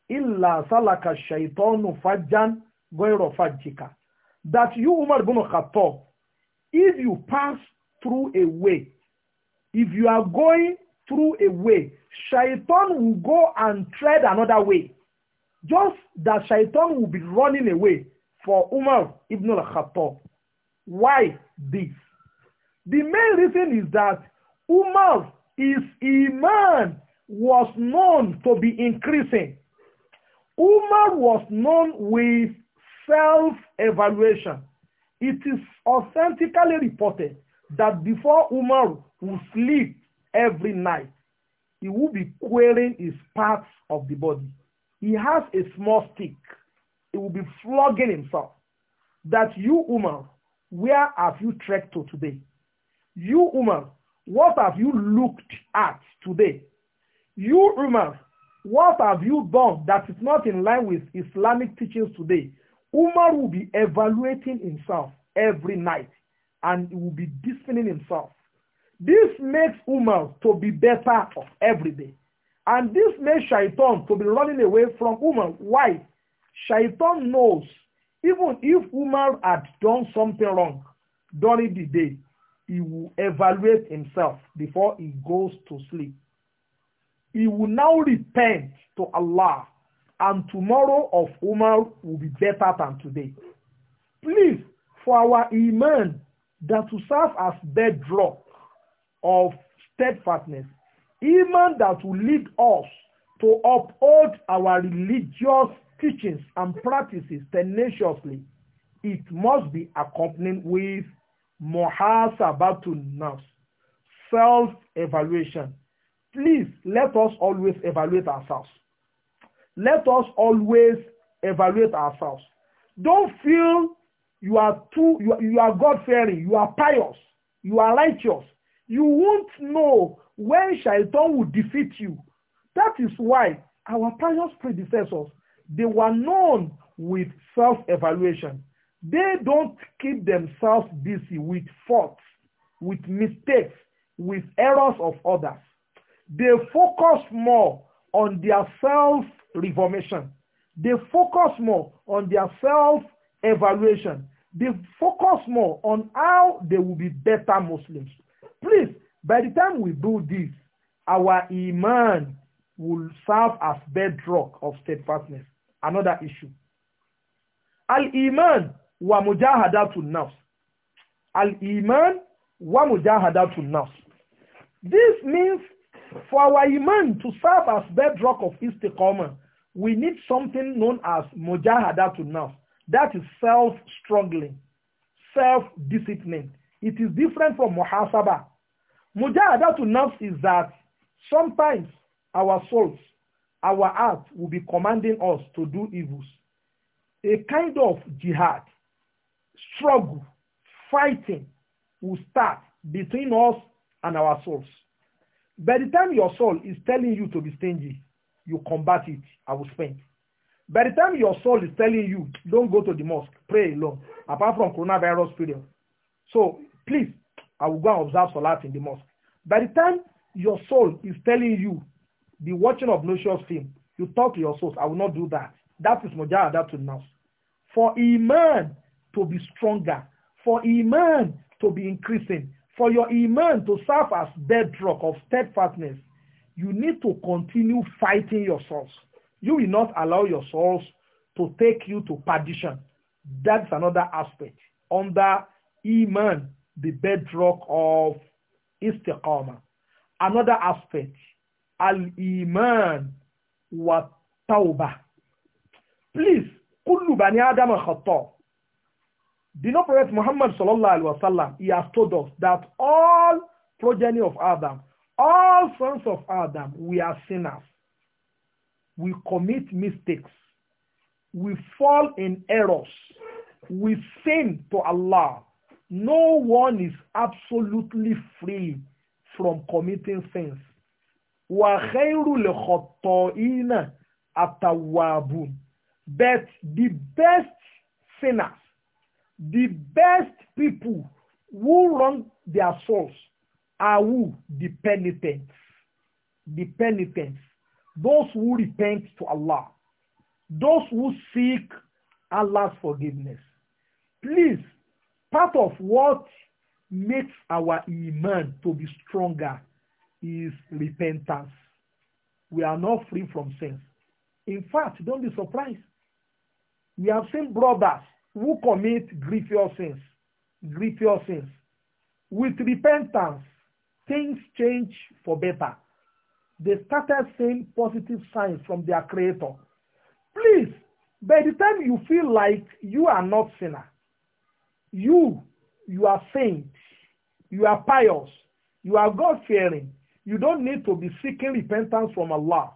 illa salaka shaytanu fajjan goyro fajjika. That you, Umar ibn al-Khattab, if you pass through a way, if you are going through a way, Shaytan will go and tread another way. Just that Shaitan will be running away for Umar ibn al-Khattab. Why this? The main reason is that Umar, his iman was known to be increasing. Umar was known with self-evaluation. It is authentically reported that before Umar would sleep every night, he would be querying his parts of the body. he has a small stick. He will be flogging himself. That you, woman, where have you trekked to today? You, woman, what have you looked at today? You, woman, what have you done that is not in line with Islamic teachings today? Umar will be evaluating himself every night and he will be disciplining himself. This makes Umar to be better every day. And this makes Shaitan to be running away from woman. Why? Shaitan knows even if woman had done something wrong during the day, he will evaluate himself before he goes to sleep. He will now repent to Allah and tomorrow of Umar will be better than today. Please, for our Iman that to serve as bedrock of steadfastness Even that will lead us to uphold our religious teachings and practices tenaciously, it must be accompanied with muhasabatun nafs, self-evaluation. Please let us always evaluate ourselves. Let us always evaluate ourselves. Don't feel you are too you you are God fearing, you are pious, you are righteous. You won't know when shaitan will defeat you. That is why our pious predecessors, they were known with self-evaluation. They don't keep themselves busy with faults, with mistakes, with errors of others. They focus more on their self-reformation. They focus more on their self-evaluation. They focus more on how they will be better Muslims. Please By the time we do this, our iman will serve as bedrock of steadfastness. Another issue. Al-iman wa mujahadatun nafs. Al-iman wa mujahadatun nafs. This means for our iman to serve as bedrock of istiqamah, we need something known as mujahadatun nafs. That is self-struggling, self-discipline. It is different from muhasabah to nafs is that sometimes our souls, our heart will be commanding us to do evils. A kind of jihad, struggle, fighting will start between us and our souls. By the time your soul is telling you to be stingy, you combat it. I will spend. By the time your soul is telling you, don't go to the mosque, pray alone, apart from coronavirus period. So please, I will go and observe Salat in the mosque. By the time your soul is telling you the watching of noxious film, you talk to your soul, I will not do that. That is Mujahada to nafs. For Iman to be stronger, for Iman to be increasing, for your Iman to serve as bedrock of steadfastness, you need to continue fighting your souls. You will not allow your souls to take you to perdition. That's another aspect. Under Iman, the bedrock of Istiqama. Another aspect, al-iman wa Tauba. Please, kullu bani adam khata. The no prophet Muhammad sallallahu alaihi wasallam he has told us that all progeny of Adam, all sons of Adam, we are sinners. We commit mistakes. We fall in errors. We sin to Allah no one is absolutely free from committing sins. But the best sinners, the best people who wrong their souls are who? The penitents. The penitents. Those who repent to Allah. Those who seek Allah's forgiveness. Please Part of what makes our iman to be stronger is repentance. We are not free from sins. In fact, don't be surprised. We have seen brothers who commit grievous sins, grievous sins. With repentance, things change for better. They started seeing positive signs from their creator. Please, by the time you feel like you are not sinner, you, you are saint. You are pious. You are God-fearing. You don't need to be seeking repentance from Allah.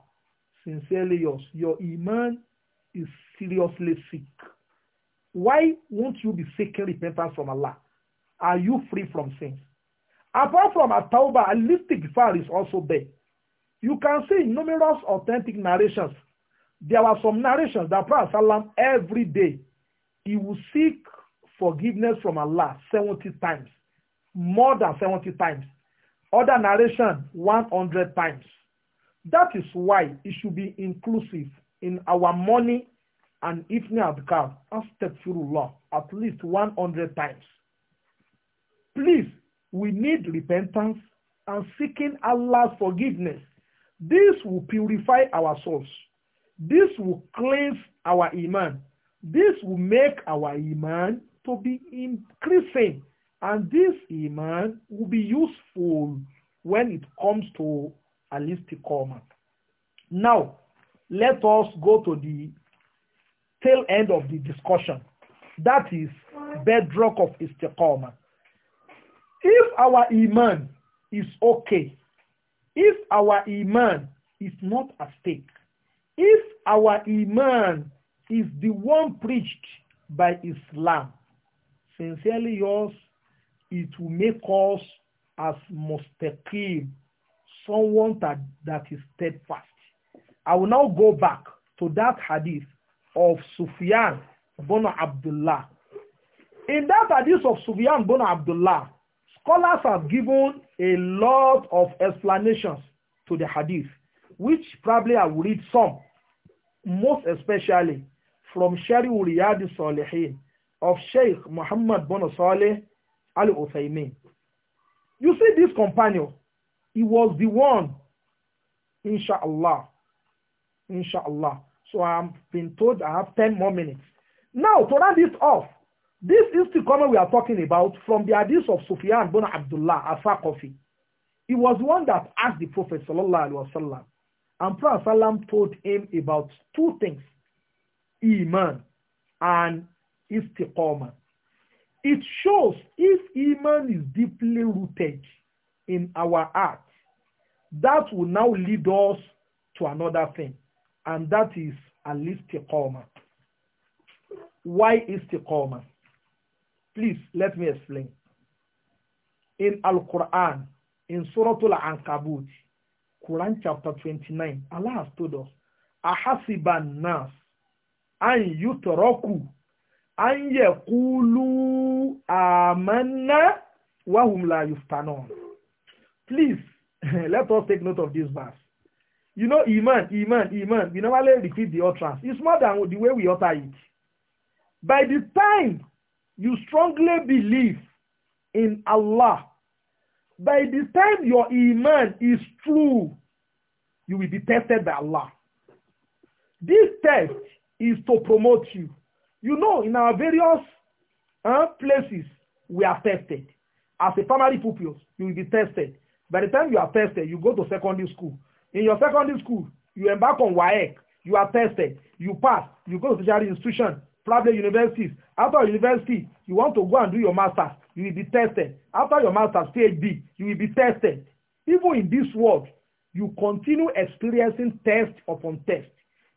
Sincerely yours. Your iman is seriously sick. Why won't you be seeking repentance from Allah? Are you free from sins? Apart from At-Tawbah, Al-Istighfar is also there. You can see numerous authentic narrations. There are some narrations that Prophet every day, he will seek forgiveness from Allah 70 times, more than 70 times. Other narration 100 times. That is why it should be inclusive in our money and evening adhkar, astaghfirullah, at least 100 times. Please, we need repentance and seeking Allah's forgiveness. This will purify our souls. This will cleanse our iman. This will make our iman to be increasing and this iman will be useful when it comes to al-istiqamah. Now, let us go to the tail end of the discussion. That is bedrock of istiqamah. If our iman is okay, if our iman is not at stake, if our iman is the one preached by Islam, sincerely yours it will make us as mustaqim someone that, that is steadfast. I will now go back to that hadith of Sufyan bin Abdullah. In that hadith of Sufyan bin Abdullah, scholars have given a lot of explanations to the hadith, which probably I will read some, most especially from Sherry Uriyadi Salihin of Sheikh Muhammad bin Saleh Al Uthaymeen. You see this companion, he was the one, inshallah, inshallah. So I'm been told I have 10 more minutes. Now, to round this off, this is the comment we are talking about from the hadith of Sufyan bin Abdullah Asakofi. He was one that asked the Prophet Sallallahu Alaihi Wasallam, and Prophet Sallam told him about two things, Iman and istiqama. It shows if Iman is deeply rooted in our heart, that will now lead us to another thing, and that is al istiqama. Why istiqama? Please let me explain. In Al Quran, in Surah Al Ankabut, Quran chapter 29, Allah has told us, Ahasiban nas an yutraku an yẹ kúlú àmánná wahum la yuftanon. Please, let us take note of this verse. You know, iman, iman, iman, we normally repeat the utterance. It's more than the way we utter it. By the time you strongly believe in Allah, by the time your iman is true, you will be tested by Allah. This test is to promote you. You know, in our various uh, places, we are tested. As a primary pupil, you will be tested. By the time you are tested, you go to secondary school. In your secondary school, you embark on WAEC. You are tested. You pass. You go to tertiary institution, private universities. After university, you want to go and do your master's. You will be tested. After your master's, PhD, you will be tested. Even in this world, you continue experiencing test upon test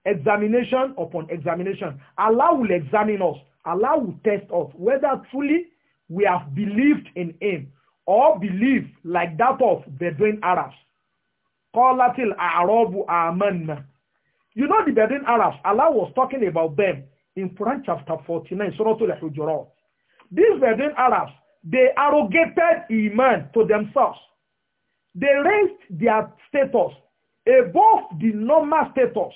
examination upon examination. Allah will examine us. Allah will test us whether truly we have believed in him or believe like that of Bedouin Arabs. Qalatil Arabu Amanna. You know the Bedouin Arabs, Allah was talking about them in Quran chapter 49, Surah Al-Hujurat. These Bedouin Arabs, they arrogated Iman to themselves. They raised their status above the normal status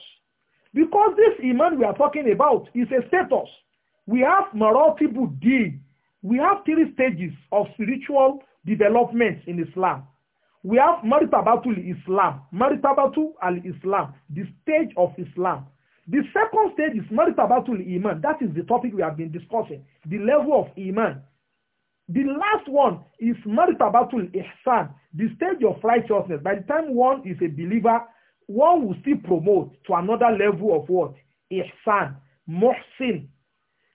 Because this Iman we are talking about is a status. We have Maratibu Deen. We have three stages of spiritual development in Islam. We have Maritabatul Islam, Maritabatul al-Islam, the stage of Islam. The second stage is Maritabatul Iman. That is the topic we have been discussing, the level of Iman. The last one is Maritabatul Ihsan, the stage of righteousness. By the time one is a believer, one will still promote to another level of what? Ihsan, Muhsin.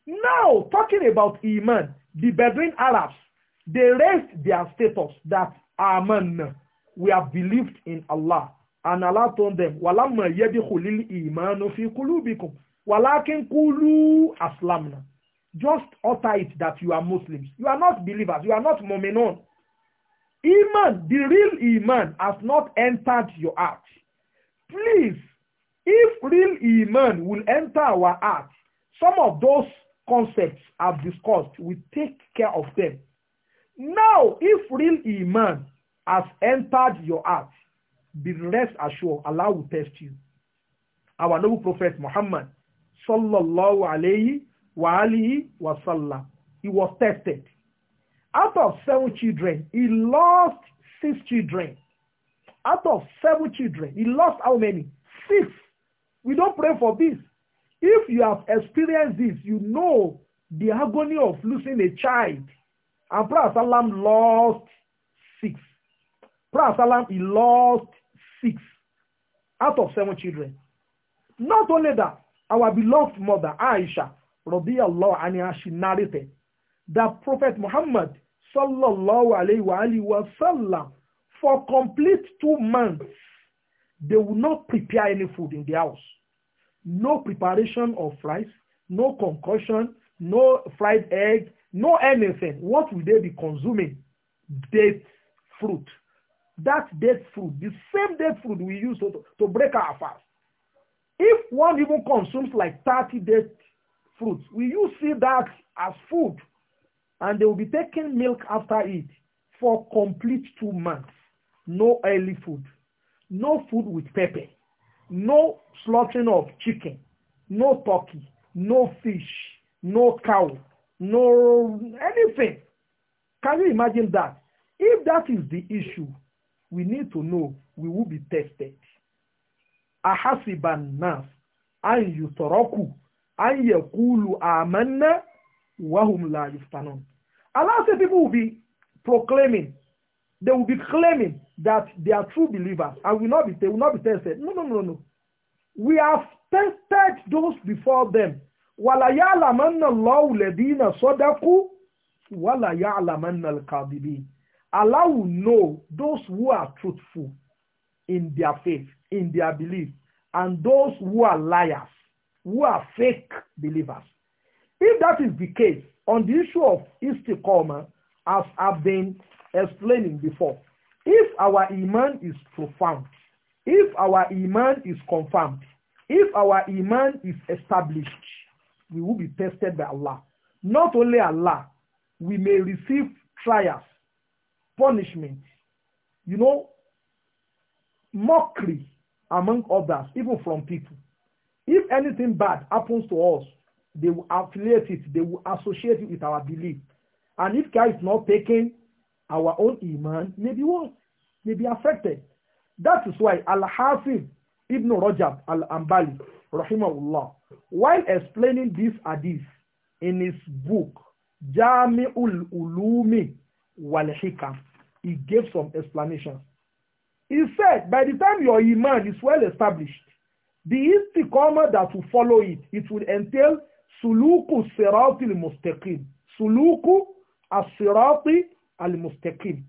Now, talking about Iman, the Bedouin Arabs, they raised their status that Aman, we have believed in Allah. And Allah told them, وَلَمَّا يَدِخُلِ الْإِيمَانُ فِي kulubikum. Walakin kulu aslamna. Just utter it that you are Muslims. You are not believers. You are not mu'minun. Iman, the real Iman has not entered your heart. Please, if real iman will enter our hearts, some of those concepts I've discussed, we take care of them. Now, if real iman has entered your heart, be rest assured, Allah will test you. Our noble prophet Muhammad, sallallahu alayhi wa alihi wa sallam, he was tested. Out of seven children, he lost six children. Out of seven children, he lost how many? Six. We don't pray for this. If you have experienced this, you know the agony of losing a child. And Prophet Salam lost six. Prophet Salam, he lost six out of seven children. Not only that, our beloved mother, Aisha, Radiallahu anha, she narrated that Prophet Muhammad, sallallahu alayhi wa sallam, for complete two months, they will not prepare any food in the house. No preparation of rice, no concussion, no fried egg, no anything. What will they be consuming? Date fruit. That date fruit, the same date fruit we use to, to break our fast. If one even consumes like 30 date fruits, we use see that as food and they will be taking milk after it for complete two months. no oily food, no food with pepper, no slaughtering of chicken, no turkey, no fish, no cow, no anything. Can you imagine that? If that is the issue, we need to know we will be tested. Ahasiban nas an yutaraku an yekulu amanna wahum la A lot of people will be proclaiming They will be claiming that they are true believers and will not be, they will not be tested. No, no, no, no. We have tested those before them. وَلَيَعْلَمَنَّ اللَّهُ الَّذِينَ صَدَقُوا وَلَيَعْلَمَنَّ Allah will know those who are truthful in their faith, in their belief, and those who are liars, who are fake believers. If that is the case, on the issue of istiqamah, as I've been explaining before, if our iman is profound, if our iman is confirmed, if our iman is established, we will be tested by Allah. Not only Allah, we may receive trials, punishment, you know, mockery among others, even from people. If anything bad happens to us, they will affiliate it, they will associate it with our belief. And if care is not taken, our own iman may be worse, may be affected. That is why al hafiz Ibn Rajab Al-Ambali, rahimahullah, while explaining this hadith in his book, Jami'ul Ulumi Wal Hikam, he gave some explanations. He said, by the time your iman is well established, the istiqamah that will follow it, it will entail suluku sirati al-mustaqim, suluku as-sirati al-mustaqim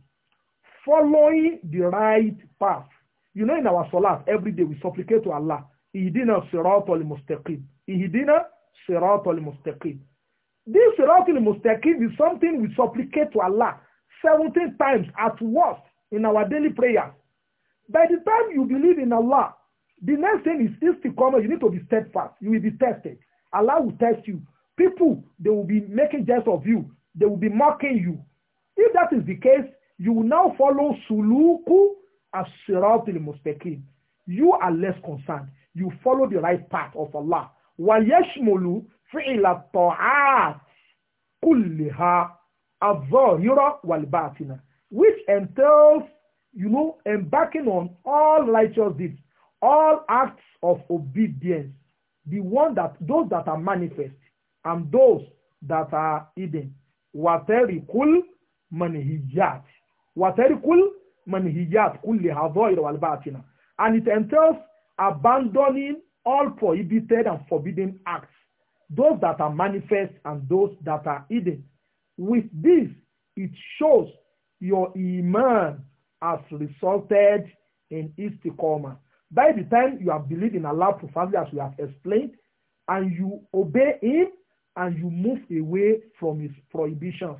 following the right path you know in our salat every day we supplicate to Allah ihdina sirat al-mustaqim ihdina sirat mustaqim this sirat al-mustaqim is something we supplicate to Allah 17 times at worst in our daily prayers. by the time you believe in Allah the next thing is this to come. you need to be steadfast you will be tested Allah will test you people they will be making jest of you they will be mocking you If that is the case, you will now follow suluku as-siratil mustaqim. You are less concerned. You follow the right path of Allah. وَيَشْمُلُ فِعِلَ الطَّاعَاتِ كُلِّهَا الظَّاهِرَ وَالْبَاطِنَةِ Which entails, you know, embarking on all righteous deeds, all acts of obedience, the one that those that are manifest and those that are hidden. وَتَرِكُ manihijat watarikul manihijat kulli hadhir wal batina and it entails abandoning all prohibited and forbidden acts those that are manifest and those that are hidden with this it shows your iman has resulted in istiqomah by the time you have believed in Allah profoundly as we have explained and you obey him and you move away from his prohibitions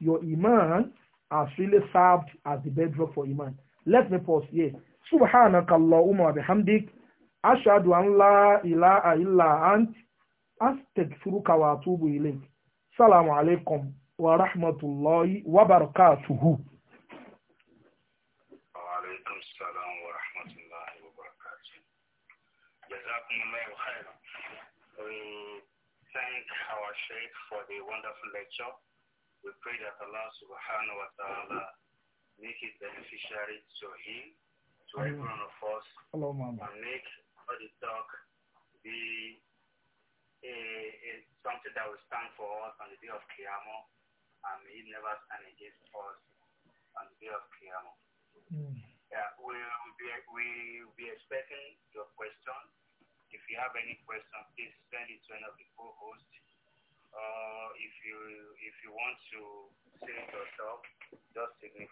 your iman has really served as the bedrock for iman. Let me pause here. سبحانك اللهم وبحمدك أشهد أن لا إله إلا أنت أستغفرك وأتوب إليك السلام عليكم ورحمة الله وبركاته وعليكم السلام ورحمة الله وبركاته جزاكم الله خيرا We thank our Sheikh for the wonderful lecture. We pray that Allah subhanahu wa ta'ala make it beneficiary to him, to Amen. every one of us, Hello, Mama. and make all the talk be a, a, something that will stand for us on the day of Qiyamah, and he never stand against us on the day of Qiyamah. Mm. Yeah, we'll be, we'll be expecting your question. If you have any question, please send it to any of the co-hosts uh, if you if you want to save yourself, just signify.